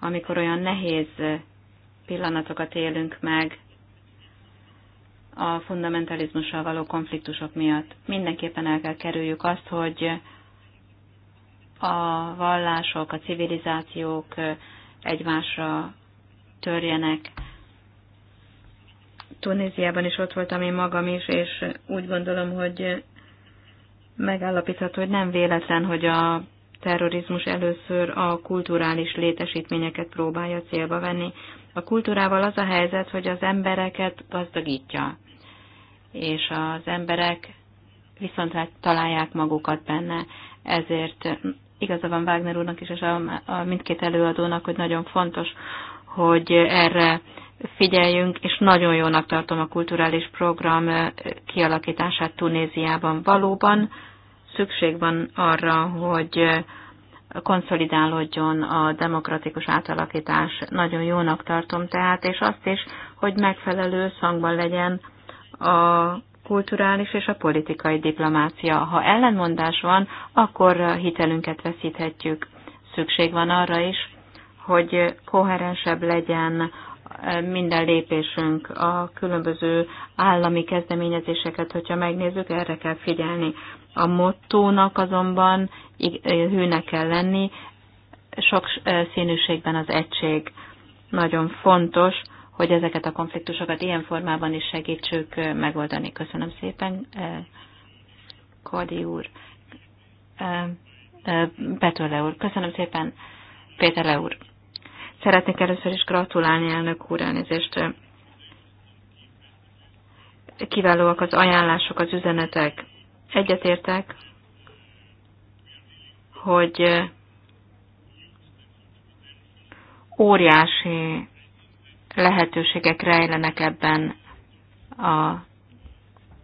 amikor olyan nehéz pillanatokat élünk meg, a fundamentalizmussal való konfliktusok miatt. Mindenképpen el kell kerüljük azt, hogy a vallások, a civilizációk egymásra törjenek. Tunéziában is ott voltam én magam is, és úgy gondolom, hogy megállapítható, hogy nem véletlen, hogy a terrorizmus először a kulturális létesítményeket próbálja célba venni. A kultúrával az a helyzet, hogy az embereket gazdagítja, és az emberek viszont hát találják magukat benne, ezért igaza van Wagner úrnak is, és a, a mindkét előadónak, hogy nagyon fontos, hogy erre figyeljünk, és nagyon jónak tartom a kulturális program kialakítását Tunéziában. Valóban szükség van arra, hogy konszolidálódjon a demokratikus átalakítás. Nagyon jónak tartom tehát, és azt is, hogy megfelelő szangban legyen a kulturális és a politikai diplomácia. Ha ellenmondás van, akkor hitelünket veszíthetjük. Szükség van arra is, hogy koherensebb legyen eh, minden lépésünk, a különböző állami kezdeményezéseket, hogyha megnézzük, erre kell figyelni. A mottónak azonban hűnek kell lenni, sok színűségben az egység. Nagyon fontos, hogy ezeket a konfliktusokat ilyen formában is segítsük megoldani. Köszönöm szépen, Kodi úr. Petőle úr. Köszönöm szépen, Péterle úr. Szeretnék először is gratulálni, elnök úr, elnézést. Kiválóak az ajánlások, az üzenetek. Egyetértek, hogy óriási lehetőségek rejlenek ebben a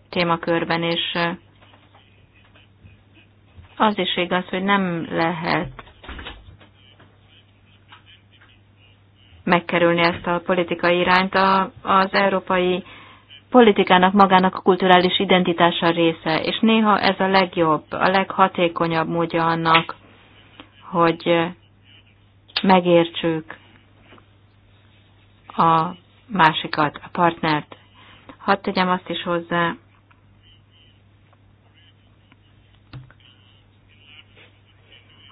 témakörben, és az is igaz, hogy nem lehet megkerülni ezt a politikai irányt. az európai politikának magának a kulturális identitása része, és néha ez a legjobb, a leghatékonyabb módja annak, hogy megértsük a másikat, a partnert. Hadd tegyem azt is hozzá,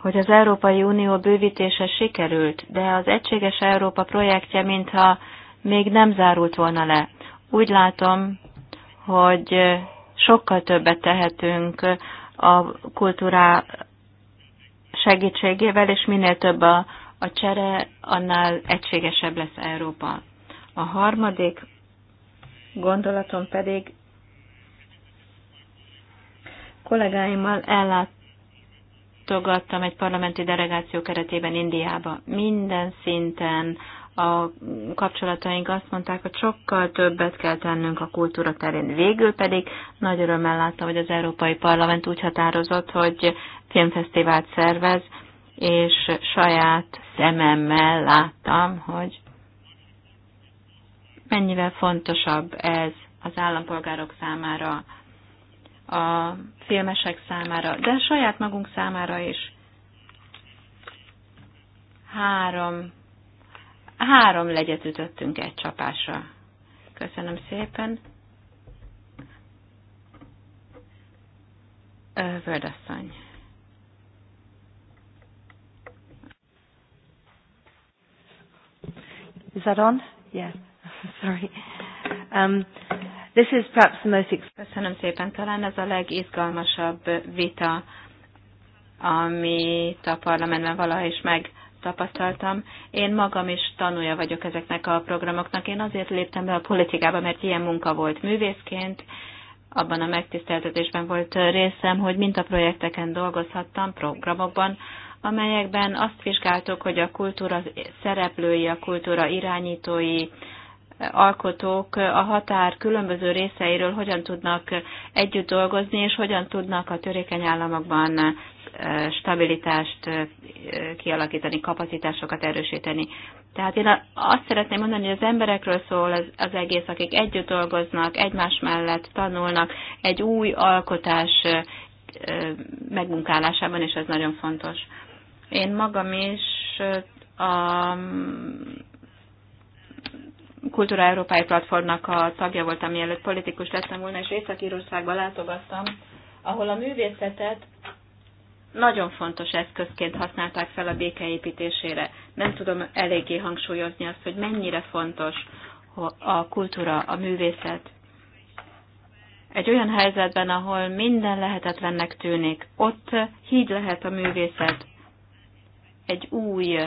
hogy az Európai Unió bővítése sikerült, de az Egységes Európa projektje mintha még nem zárult volna le. Úgy látom, hogy sokkal többet tehetünk a kultúrá segítségével, és minél több a, a csere, annál egységesebb lesz Európa. A harmadik gondolatom pedig kollégáimmal ellátogattam egy parlamenti delegáció keretében Indiába. Minden szinten a kapcsolataink azt mondták, hogy sokkal többet kell tennünk a kultúra terén. Végül pedig nagy örömmel láttam, hogy az Európai Parlament úgy határozott, hogy filmfesztivált szervez, és saját szememmel láttam, hogy mennyivel fontosabb ez az állampolgárok számára, a filmesek számára, de saját magunk számára is. Három Három legyet ütöttünk egy csapásra. Köszönöm szépen. Vördasszony. Is that on? Yeah. Sorry. Um, this is perhaps the most Köszönöm szépen. Talán ez a legizgalmasabb vita, amit a parlamentben valaha is meg tapasztaltam. Én magam is tanulja vagyok ezeknek a programoknak. Én azért léptem be a politikába, mert ilyen munka volt művészként, abban a megtiszteltetésben volt részem, hogy projekteken dolgozhattam, programokban, amelyekben azt vizsgáltuk, hogy a kultúra szereplői, a kultúra irányítói, alkotók a határ különböző részeiről hogyan tudnak együtt dolgozni, és hogyan tudnak a törékeny államokban stabilitást kialakítani, kapacitásokat erősíteni. Tehát én azt szeretném mondani, hogy az emberekről szól az, az egész, akik együtt dolgoznak, egymás mellett tanulnak, egy új alkotás megmunkálásában, és ez nagyon fontos. Én magam is a Kultúra Európai Platformnak a tagja voltam, mielőtt politikus lettem volna, és Észak-Írországba látogattam, ahol a művészetet nagyon fontos eszközként használták fel a békeépítésére. Nem tudom eléggé hangsúlyozni azt, hogy mennyire fontos a kultúra, a művészet. Egy olyan helyzetben, ahol minden lehetetlennek tűnik, ott híd lehet a művészet egy új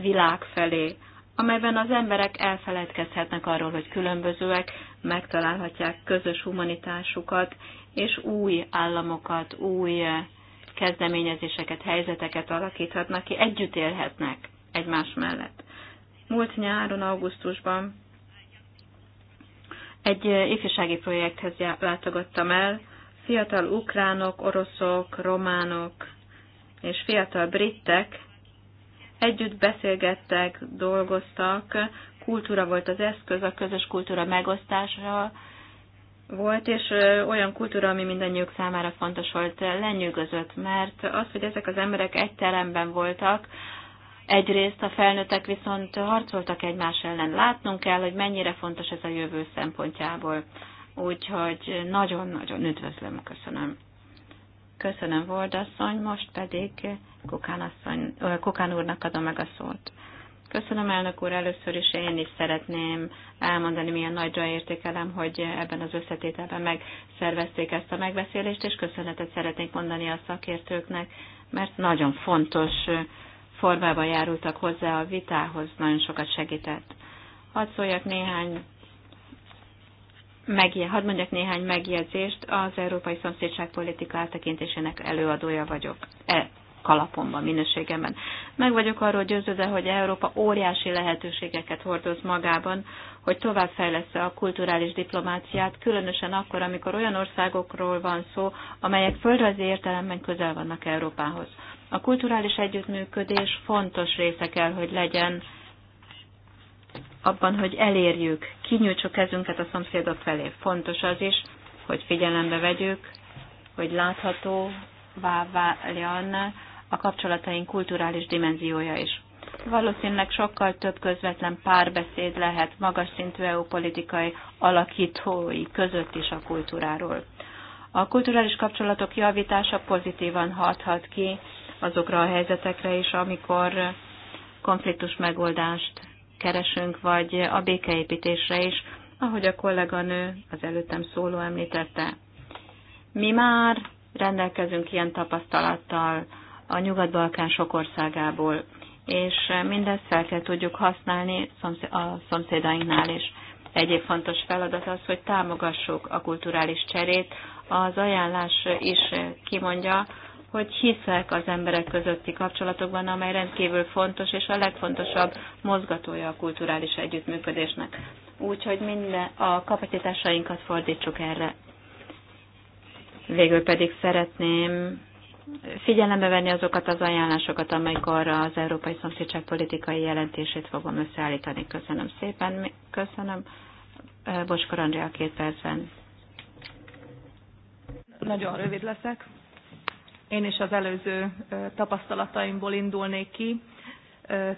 világ felé, amelyben az emberek elfeledkezhetnek arról, hogy különbözőek, megtalálhatják közös humanitásukat, és új államokat, új kezdeményezéseket, helyzeteket alakíthatnak ki, együtt élhetnek egymás mellett. Múlt nyáron, augusztusban egy ifjúsági projekthez látogattam el, fiatal ukránok, oroszok, románok és fiatal britek együtt beszélgettek, dolgoztak, kultúra volt az eszköz, a közös kultúra megosztása, volt, és olyan kultúra, ami mindannyiuk számára fontos volt, lenyűgözött, mert az, hogy ezek az emberek egy teremben voltak, egyrészt a felnőttek viszont harcoltak egymás ellen. Látnunk kell, hogy mennyire fontos ez a jövő szempontjából. Úgyhogy nagyon-nagyon üdvözlöm, köszönöm. Köszönöm, Vordasszony, most pedig Kokán, asszony, Kokán úrnak adom meg a szót. Köszönöm, elnök úr, először is én is szeretném elmondani, milyen nagyra értékelem, hogy ebben az összetételben megszervezték ezt a megbeszélést, és köszönetet szeretnék mondani a szakértőknek, mert nagyon fontos formában járultak hozzá a vitához, nagyon sokat segített. Hadd szóljak néhány Megje, hadd mondjak néhány megjegyzést, az Európai Politika áttekintésének előadója vagyok. E, kalapomban, minőségemben. Meg vagyok arról győződve, hogy Európa óriási lehetőségeket hordoz magában, hogy továbbfejlesz a kulturális diplomáciát, különösen akkor, amikor olyan országokról van szó, amelyek földrajzi értelemben közel vannak Európához. A kulturális együttműködés fontos része kell, hogy legyen abban, hogy elérjük, kinyújtsuk kezünket a szomszédok felé. Fontos az is, hogy figyelembe vegyük, hogy látható váljon a kapcsolataink kulturális dimenziója is. Valószínűleg sokkal több közvetlen párbeszéd lehet magas szintű EU politikai alakítói között is a kultúráról. A kulturális kapcsolatok javítása pozitívan hathat ki azokra a helyzetekre is, amikor konfliktus megoldást keresünk, vagy a békeépítésre is, ahogy a kolléganő az előttem szóló említette. Mi már rendelkezünk ilyen tapasztalattal, a Nyugat-Balkán sok országából, és eh, mindezt fel kell tudjuk használni a szomszédainknál is. Egyéb fontos feladat az, hogy támogassuk a kulturális cserét. Az ajánlás is eh, kimondja, hogy hiszek az emberek közötti kapcsolatokban, amely rendkívül fontos és a legfontosabb mozgatója a kulturális együttműködésnek. Úgyhogy minden a kapacitásainkat fordítsuk erre. Végül pedig szeretném figyelembe venni azokat az ajánlásokat, arra az Európai Szomszédság politikai jelentését fogom összeállítani. Köszönöm szépen. Köszönöm. Boskor Andrea két percben. Nagyon rövid leszek. Én is az előző tapasztalataimból indulnék ki.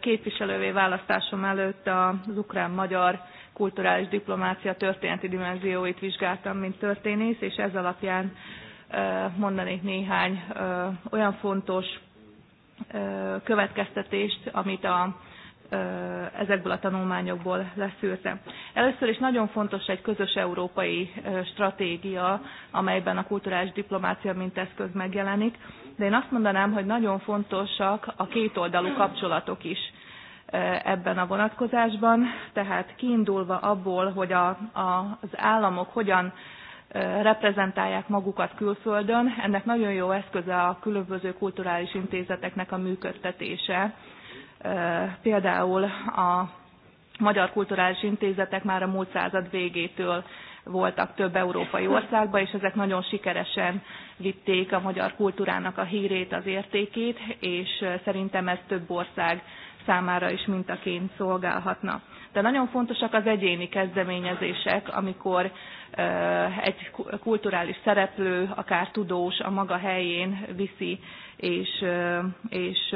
Képviselővé választásom előtt az ukrán-magyar kulturális diplomácia történeti dimenzióit vizsgáltam, mint történész, és ez alapján mondanék néhány olyan fontos következtetést, amit a, ezekből a tanulmányokból leszűrtem. Először is nagyon fontos egy közös európai stratégia, amelyben a kulturális diplomácia mint eszköz megjelenik, de én azt mondanám, hogy nagyon fontosak a kétoldalú kapcsolatok is ebben a vonatkozásban, tehát kiindulva abból, hogy a, a, az államok hogyan reprezentálják magukat külföldön. Ennek nagyon jó eszköze a különböző kulturális intézeteknek a működtetése. Például a magyar kulturális intézetek már a múlt század végétől voltak több európai országban, és ezek nagyon sikeresen vitték a magyar kultúrának a hírét, az értékét, és szerintem ez több ország számára is mintaként szolgálhatna. De nagyon fontosak az egyéni kezdeményezések, amikor egy kulturális szereplő, akár tudós a maga helyén viszi és, és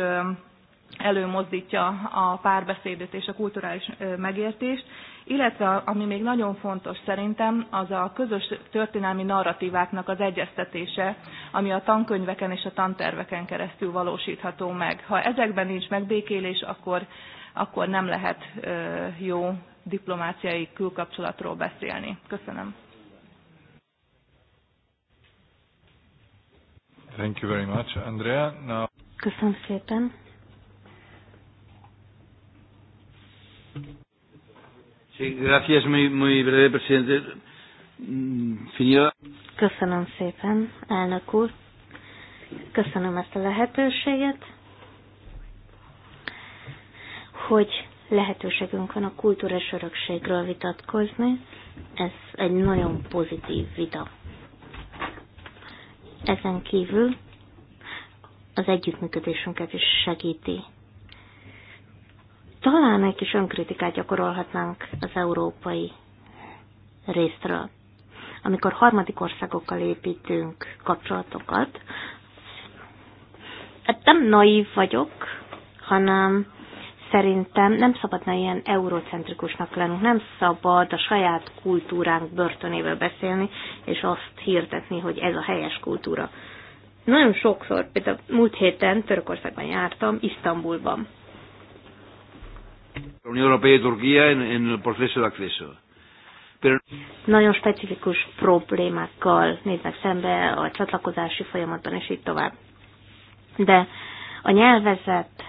előmozdítja a párbeszédet és a kulturális megértést, illetve ami még nagyon fontos szerintem, az a közös történelmi narratíváknak az egyeztetése, ami a tankönyveken és a tanterveken keresztül valósítható meg. Ha ezekben nincs megbékélés, akkor akkor nem lehet jó diplomáciai külkapcsolatról beszélni. Köszönöm. Thank you very much, Andrea. Now... Köszönöm szépen. Sí, gracias, muy, muy breve, presidente. Köszönöm szépen, elnök úr. Köszönöm ezt a lehetőséget hogy lehetőségünk van a kultúrás örökségről vitatkozni. Ez egy nagyon pozitív vita. Ezen kívül az együttműködésünket is segíti. Talán egy kis önkritikát gyakorolhatnánk az európai részről. Amikor harmadik országokkal építünk kapcsolatokat, hát nem naív vagyok, hanem Szerintem nem szabadna ilyen eurocentrikusnak lennünk, nem szabad a saját kultúránk börtönével beszélni, és azt hirdetni, hogy ez a helyes kultúra. Nagyon sokszor, például múlt héten Törökországban jártam, Isztambulban. Nagyon specifikus problémákkal néznek szembe a csatlakozási folyamatban, és így tovább. De a nyelvezet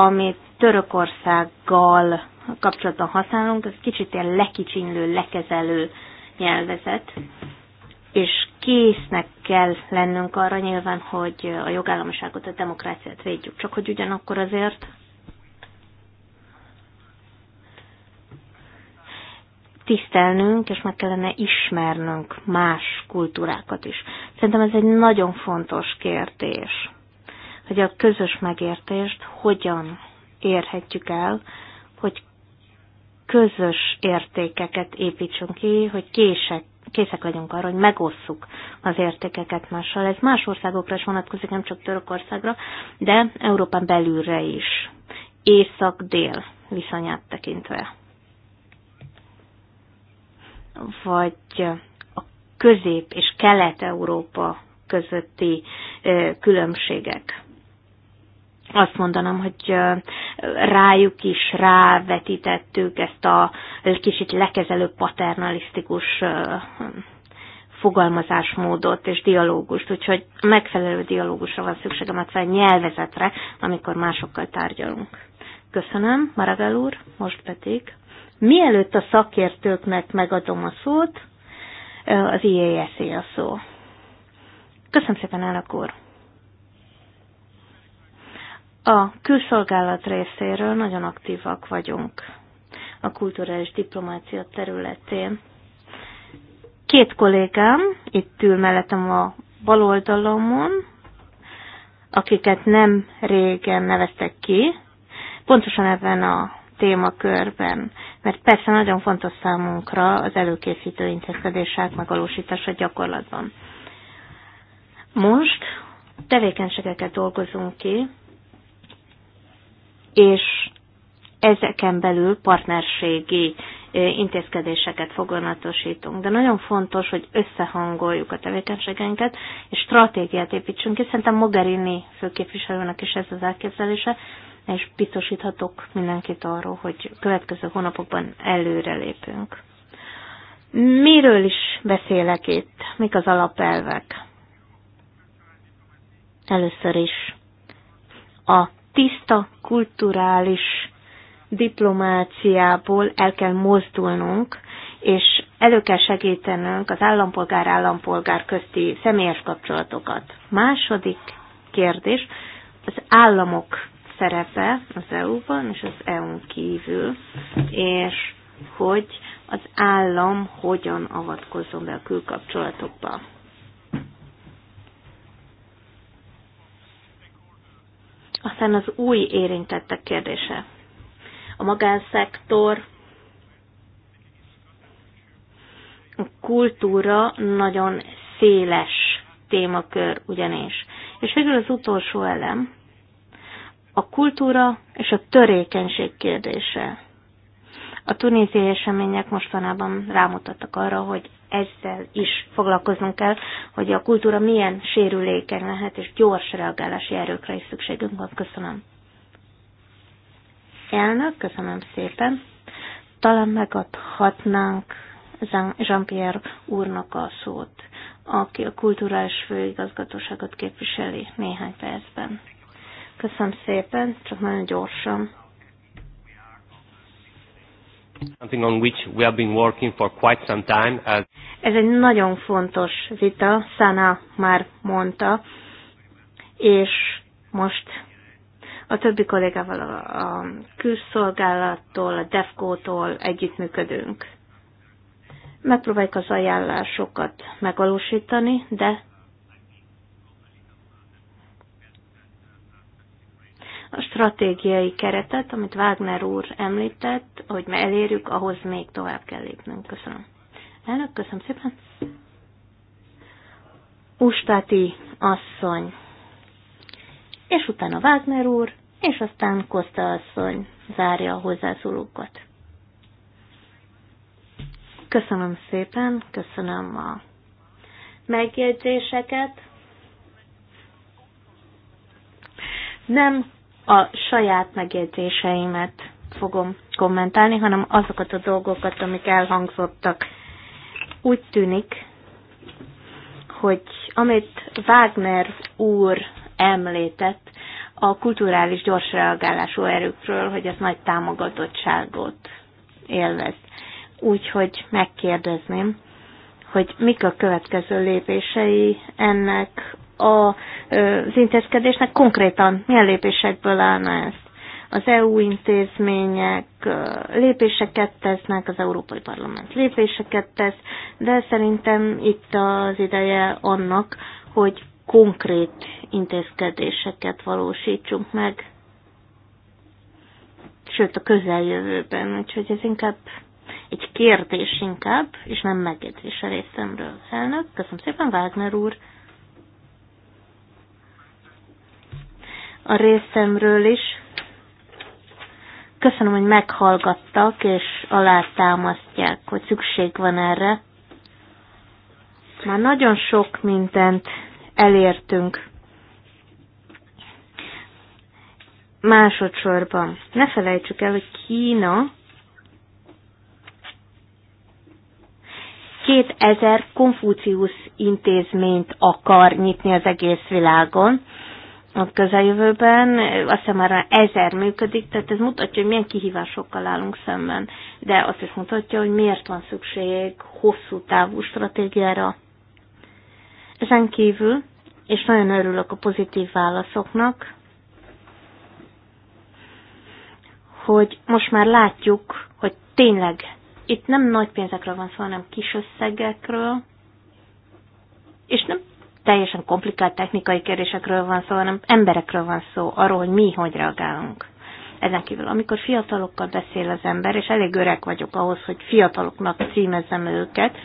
amit Törökországgal kapcsolatban használunk, ez kicsit ilyen lekicsinlő, lekezelő nyelvezet, és késznek kell lennünk arra nyilván, hogy a jogállamiságot, a demokráciát védjük. Csak hogy ugyanakkor azért tisztelnünk, és meg kellene ismernünk más kultúrákat is. Szerintem ez egy nagyon fontos kérdés hogy a közös megértést hogyan érhetjük el, hogy közös értékeket építsünk ki, hogy kések, készek legyünk arra, hogy megosszuk az értékeket mással. Ez más országokra is vonatkozik, nem csak Törökországra, de Európán belülre is. Észak-dél viszonyát tekintve. Vagy a közép- és kelet-európa közötti különbségek azt mondanom, hogy rájuk is rávetítettük ezt a kicsit lekezelő paternalisztikus fogalmazásmódot és dialógust, úgyhogy megfelelő dialógusra van hát a szóval megfelelő nyelvezetre, amikor másokkal tárgyalunk. Köszönöm, Maragel úr, most pedig. Mielőtt a szakértőknek megadom a szót, az IESZ a szó. Köszönöm szépen, elnök úr! A külszolgálat részéről nagyon aktívak vagyunk a kulturális diplomácia területén. Két kollégám itt ül mellettem a bal oldalomon, akiket nem régen neveztek ki, pontosan ebben a témakörben, mert persze nagyon fontos számunkra az előkészítő intézkedések megvalósítása gyakorlatban. Most tevékenységeket dolgozunk ki és ezeken belül partnerségi intézkedéseket foganatosítunk. De nagyon fontos, hogy összehangoljuk a tevékenységeinket, és stratégiát építsünk, ki. szerintem Mogherini főképviselőnek is ez az elképzelése, és biztosíthatok mindenkit arról, hogy következő hónapokban előre lépünk. Miről is beszélek itt? Mik az alapelvek? Először is a tiszta kulturális diplomáciából el kell mozdulnunk, és elő kell segítenünk az állampolgár-állampolgár közti személyes kapcsolatokat. Második kérdés, az államok szerepe az EU-ban és az EU-n kívül, és hogy az állam hogyan avatkozzon be a külkapcsolatokba. Aztán az új érintettek kérdése. A magánszektor, a kultúra nagyon széles témakör ugyanis. És végül az utolsó elem, a kultúra és a törékenység kérdése. A tunéziai események mostanában rámutattak arra, hogy ezzel is foglalkoznunk kell, hogy a kultúra milyen sérülékeny lehet, és gyors reagálási erőkre is szükségünk van. Köszönöm. Elnök, köszönöm szépen. Talán megadhatnánk Jean-Pierre úrnak a szót, aki a kulturális főigazgatóságot képviseli néhány percben. Köszönöm szépen, csak nagyon gyorsan. Ez egy nagyon fontos vita, Sana már mondta, és most a többi kollégával, a külszolgálattól, a DEFCO-tól együttműködünk. Megpróbáljuk az ajánlásokat megvalósítani, de a stratégiai keretet, amit Wagner úr említett, hogy mi elérjük, ahhoz még tovább kell lépnünk. Köszönöm. Elnök, köszönöm szépen. Ustáti asszony, és utána Wagner úr, és aztán Kosta asszony zárja a hozzászólókat. Köszönöm szépen, köszönöm a megjegyzéseket. Nem a saját megjegyzéseimet fogom kommentálni, hanem azokat a dolgokat, amik elhangzottak. Úgy tűnik, hogy amit Wagner úr említett a kulturális gyors reagálású erőkről, hogy ez nagy támogatottságot élvez. Úgyhogy megkérdezném, hogy mik a következő lépései ennek az intézkedésnek konkrétan milyen lépésekből állna ezt. Az EU intézmények lépéseket tesznek, az Európai Parlament lépéseket tesz, de szerintem itt az ideje annak, hogy konkrét intézkedéseket valósítsunk meg, sőt a közeljövőben, úgyhogy ez inkább egy kérdés inkább, és nem megjegyzés a részemről. Elnök, köszönöm szépen, Wagner úr. a részemről is. Köszönöm, hogy meghallgattak, és alátámasztják, hogy szükség van erre. Már nagyon sok mindent elértünk. Másodszorban ne felejtsük el, hogy Kína 2000 Konfúciusz intézményt akar nyitni az egész világon, a közeljövőben, azt hiszem már ezer működik, tehát ez mutatja, hogy milyen kihívásokkal állunk szemben, de azt is mutatja, hogy miért van szükség hosszú távú stratégiára. Ezen kívül, és nagyon örülök a pozitív válaszoknak, hogy most már látjuk, hogy tényleg itt nem nagy pénzekről van szó, hanem kis összegekről, teljesen komplikált technikai kérdésekről van szó, hanem emberekről van szó, arról, hogy mi hogy reagálunk. Ezen kívül, amikor fiatalokkal beszél az ember, és elég öreg vagyok ahhoz, hogy fiataloknak címezzem őket,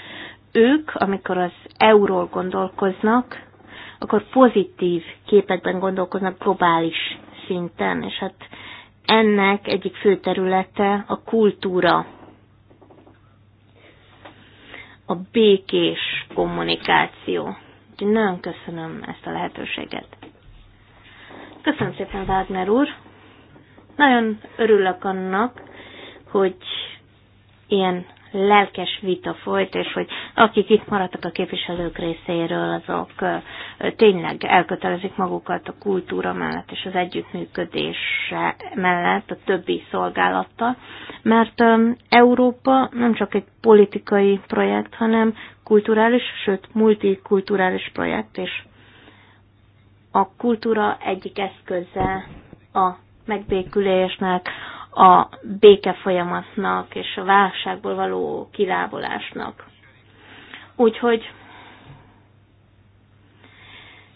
ők, amikor az euról gondolkoznak, akkor pozitív képekben gondolkoznak globális szinten, és hát ennek egyik fő területe a kultúra, a békés kommunikáció. Úgyhogy nagyon köszönöm ezt a lehetőséget. Köszönöm szépen, Wagner úr. Nagyon örülök annak, hogy ilyen lelkes vita folyt, és hogy akik itt maradtak a képviselők részéről, azok tényleg elkötelezik magukat a kultúra mellett és az együttműködés mellett a többi szolgálattal, mert Európa nem csak egy politikai projekt, hanem kulturális, sőt multikulturális projekt, és a kultúra egyik eszköze a megbékülésnek, a béke folyamatnak és a válságból való kilábolásnak. Úgyhogy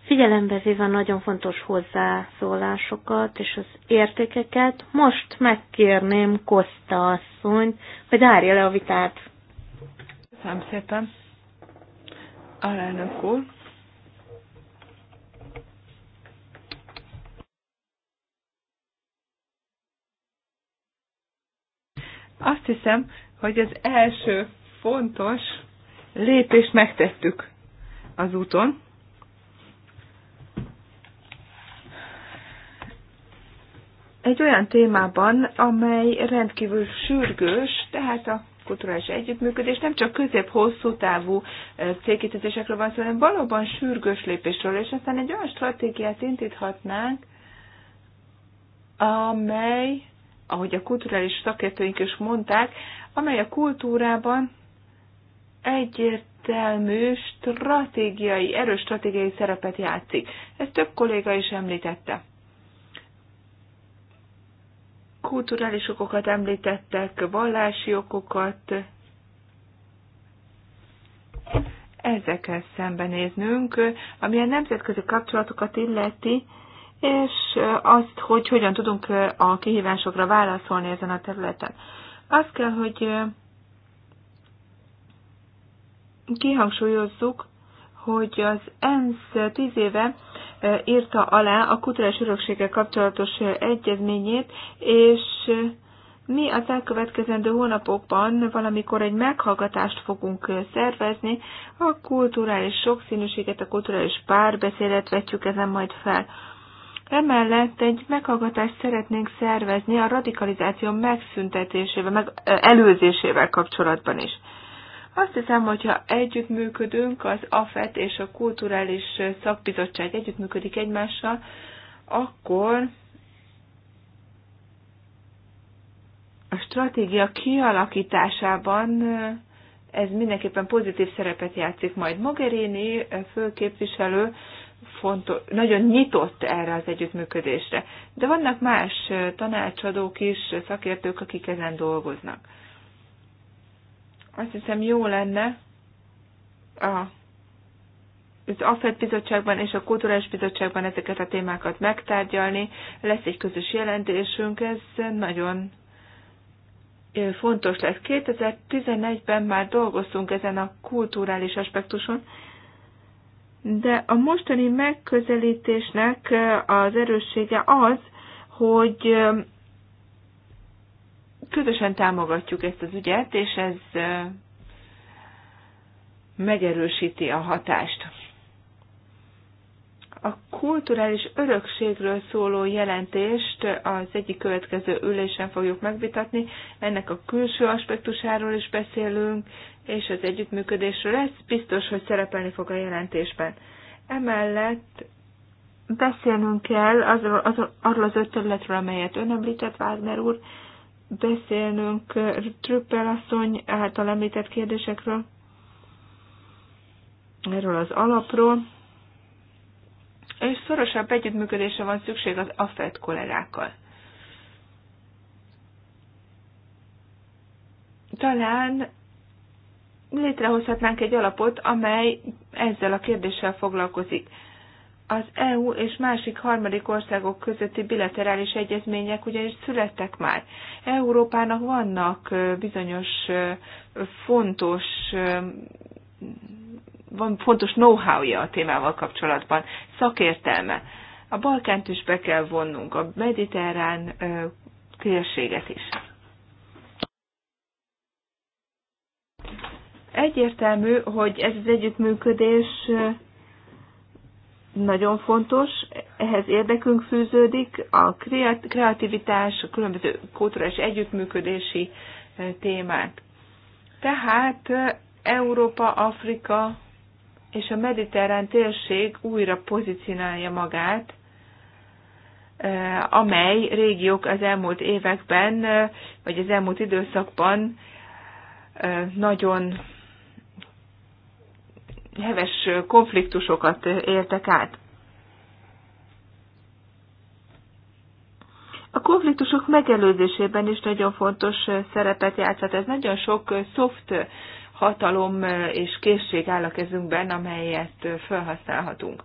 figyelembe véve nagyon fontos hozzászólásokat és az értékeket, most megkérném Koszta asszonyt, hogy árja le a vitát. Köszönöm szépen alelnök úr. Azt hiszem, hogy az első fontos lépést megtettük az úton. Egy olyan témában, amely rendkívül sürgős, tehát a kulturális együttműködés nem csak közép-hosszú távú célkitűzésekről van szó, hanem valóban sürgős lépésről, és aztán egy olyan stratégiát indíthatnánk, amely, ahogy a kulturális szakértőink is mondták, amely a kultúrában egyértelmű stratégiai, erős stratégiai szerepet játszik. Ezt több kolléga is említette. Kulturális okokat említettek, vallási okokat. Ezekkel szembenéznünk, ami a nemzetközi kapcsolatokat illeti, és azt, hogy hogyan tudunk a kihívásokra válaszolni ezen a területen. Azt kell, hogy kihangsúlyozzuk, hogy az ENSZ tíz éve írta alá a kulturális örökséggel kapcsolatos egyezményét, és mi az elkövetkezendő hónapokban valamikor egy meghallgatást fogunk szervezni, a kulturális sokszínűséget, a kulturális párbeszédet vetjük ezen majd fel. Emellett egy meghallgatást szeretnénk szervezni a radikalizáció megszüntetésével, meg előzésével kapcsolatban is. Azt hiszem, hogyha együttműködünk, az AFET és a Kulturális Szakbizottság együttműködik egymással, akkor a stratégia kialakításában ez mindenképpen pozitív szerepet játszik majd. Mogherini főképviselő fontos, nagyon nyitott erre az együttműködésre, de vannak más tanácsadók is, szakértők, akik ezen dolgoznak. Azt hiszem jó lenne a az AFED bizottságban és a Kulturális Bizottságban ezeket a témákat megtárgyalni. Lesz egy közös jelentésünk, ez nagyon fontos lesz. 2011-ben már dolgoztunk ezen a kulturális aspektuson, de a mostani megközelítésnek az erőssége az, hogy közösen támogatjuk ezt az ügyet, és ez megerősíti a hatást. A kulturális örökségről szóló jelentést az egyik következő ülésen fogjuk megvitatni. Ennek a külső aspektusáról is beszélünk, és az együttműködésről. lesz biztos, hogy szerepelni fog a jelentésben. Emellett beszélnünk kell azról, arról az öt területről, amelyet ön említett, Wagner úr, beszélnünk eh, Trüppel asszony által említett kérdésekről, erről az alapról, és szorosabb együttműködésre van szükség az AFED kollégákkal. Talán létrehozhatnánk egy alapot, amely ezzel a kérdéssel foglalkozik az EU és másik harmadik országok közötti bilaterális egyezmények ugyanis születtek már. Európának vannak bizonyos fontos van fontos know-how-ja a témával kapcsolatban, szakértelme. A Balkánt is be kell vonnunk, a mediterrán térséget is. Egyértelmű, hogy ez az együttműködés nagyon fontos, ehhez érdekünk fűződik a kreativitás, a különböző kulturális együttműködési e, témák. Tehát e, Európa, Afrika és a mediterrán térség újra pozícionálja magát, e, amely régiók az elmúlt években, vagy az elmúlt időszakban nagyon heves konfliktusokat éltek át. A konfliktusok megelőzésében is nagyon fontos szerepet játszhat. Ez nagyon sok soft hatalom és készség áll a kezünkben, amelyet felhasználhatunk.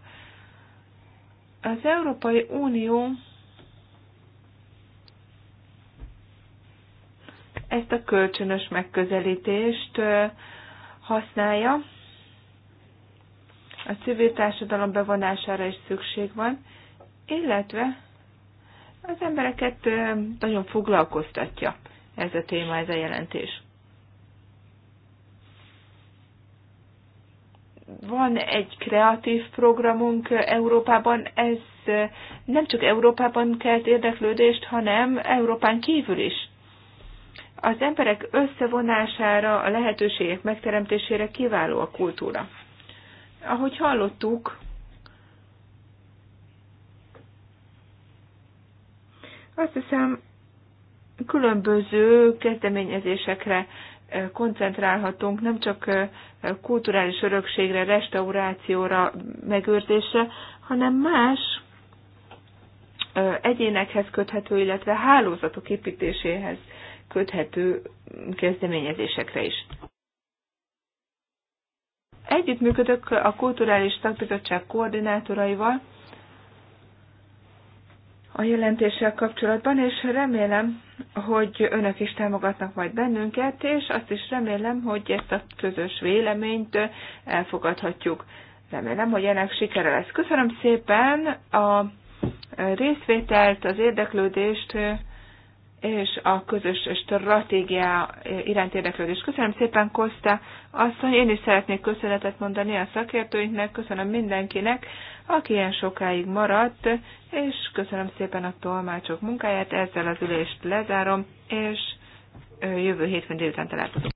Az Európai Unió ezt a kölcsönös megközelítést használja, a civil társadalom bevonására is szükség van, illetve az embereket nagyon foglalkoztatja ez a téma, ez a jelentés. Van egy kreatív programunk Európában, ez nem csak Európában kelt érdeklődést, hanem Európán kívül is. Az emberek összevonására, a lehetőségek megteremtésére kiváló a kultúra. Ahogy hallottuk, azt hiszem, különböző kezdeményezésekre eh, koncentrálhatunk, nem csak eh, kulturális örökségre, restaurációra, megőrzésre, hanem más eh, egyénekhez köthető, illetve hálózatok építéséhez köthető kezdeményezésekre is. Együttműködök a Kulturális Szakbizottság koordinátoraival a jelentéssel kapcsolatban, és remélem, hogy önök is támogatnak majd bennünket, és azt is remélem, hogy ezt a közös véleményt elfogadhatjuk. Remélem, hogy ennek sikere lesz. Köszönöm szépen a részvételt, az érdeklődést, és a közös stratégia iránt érdeklődés. Köszönöm szépen, Koszta asszony, én is szeretnék köszönetet mondani a szakértőinknek, köszönöm mindenkinek, aki ilyen sokáig maradt, és köszönöm szépen a tolmácsok munkáját, ezzel az ülést lezárom, és jövő hétfőn délután találkozunk.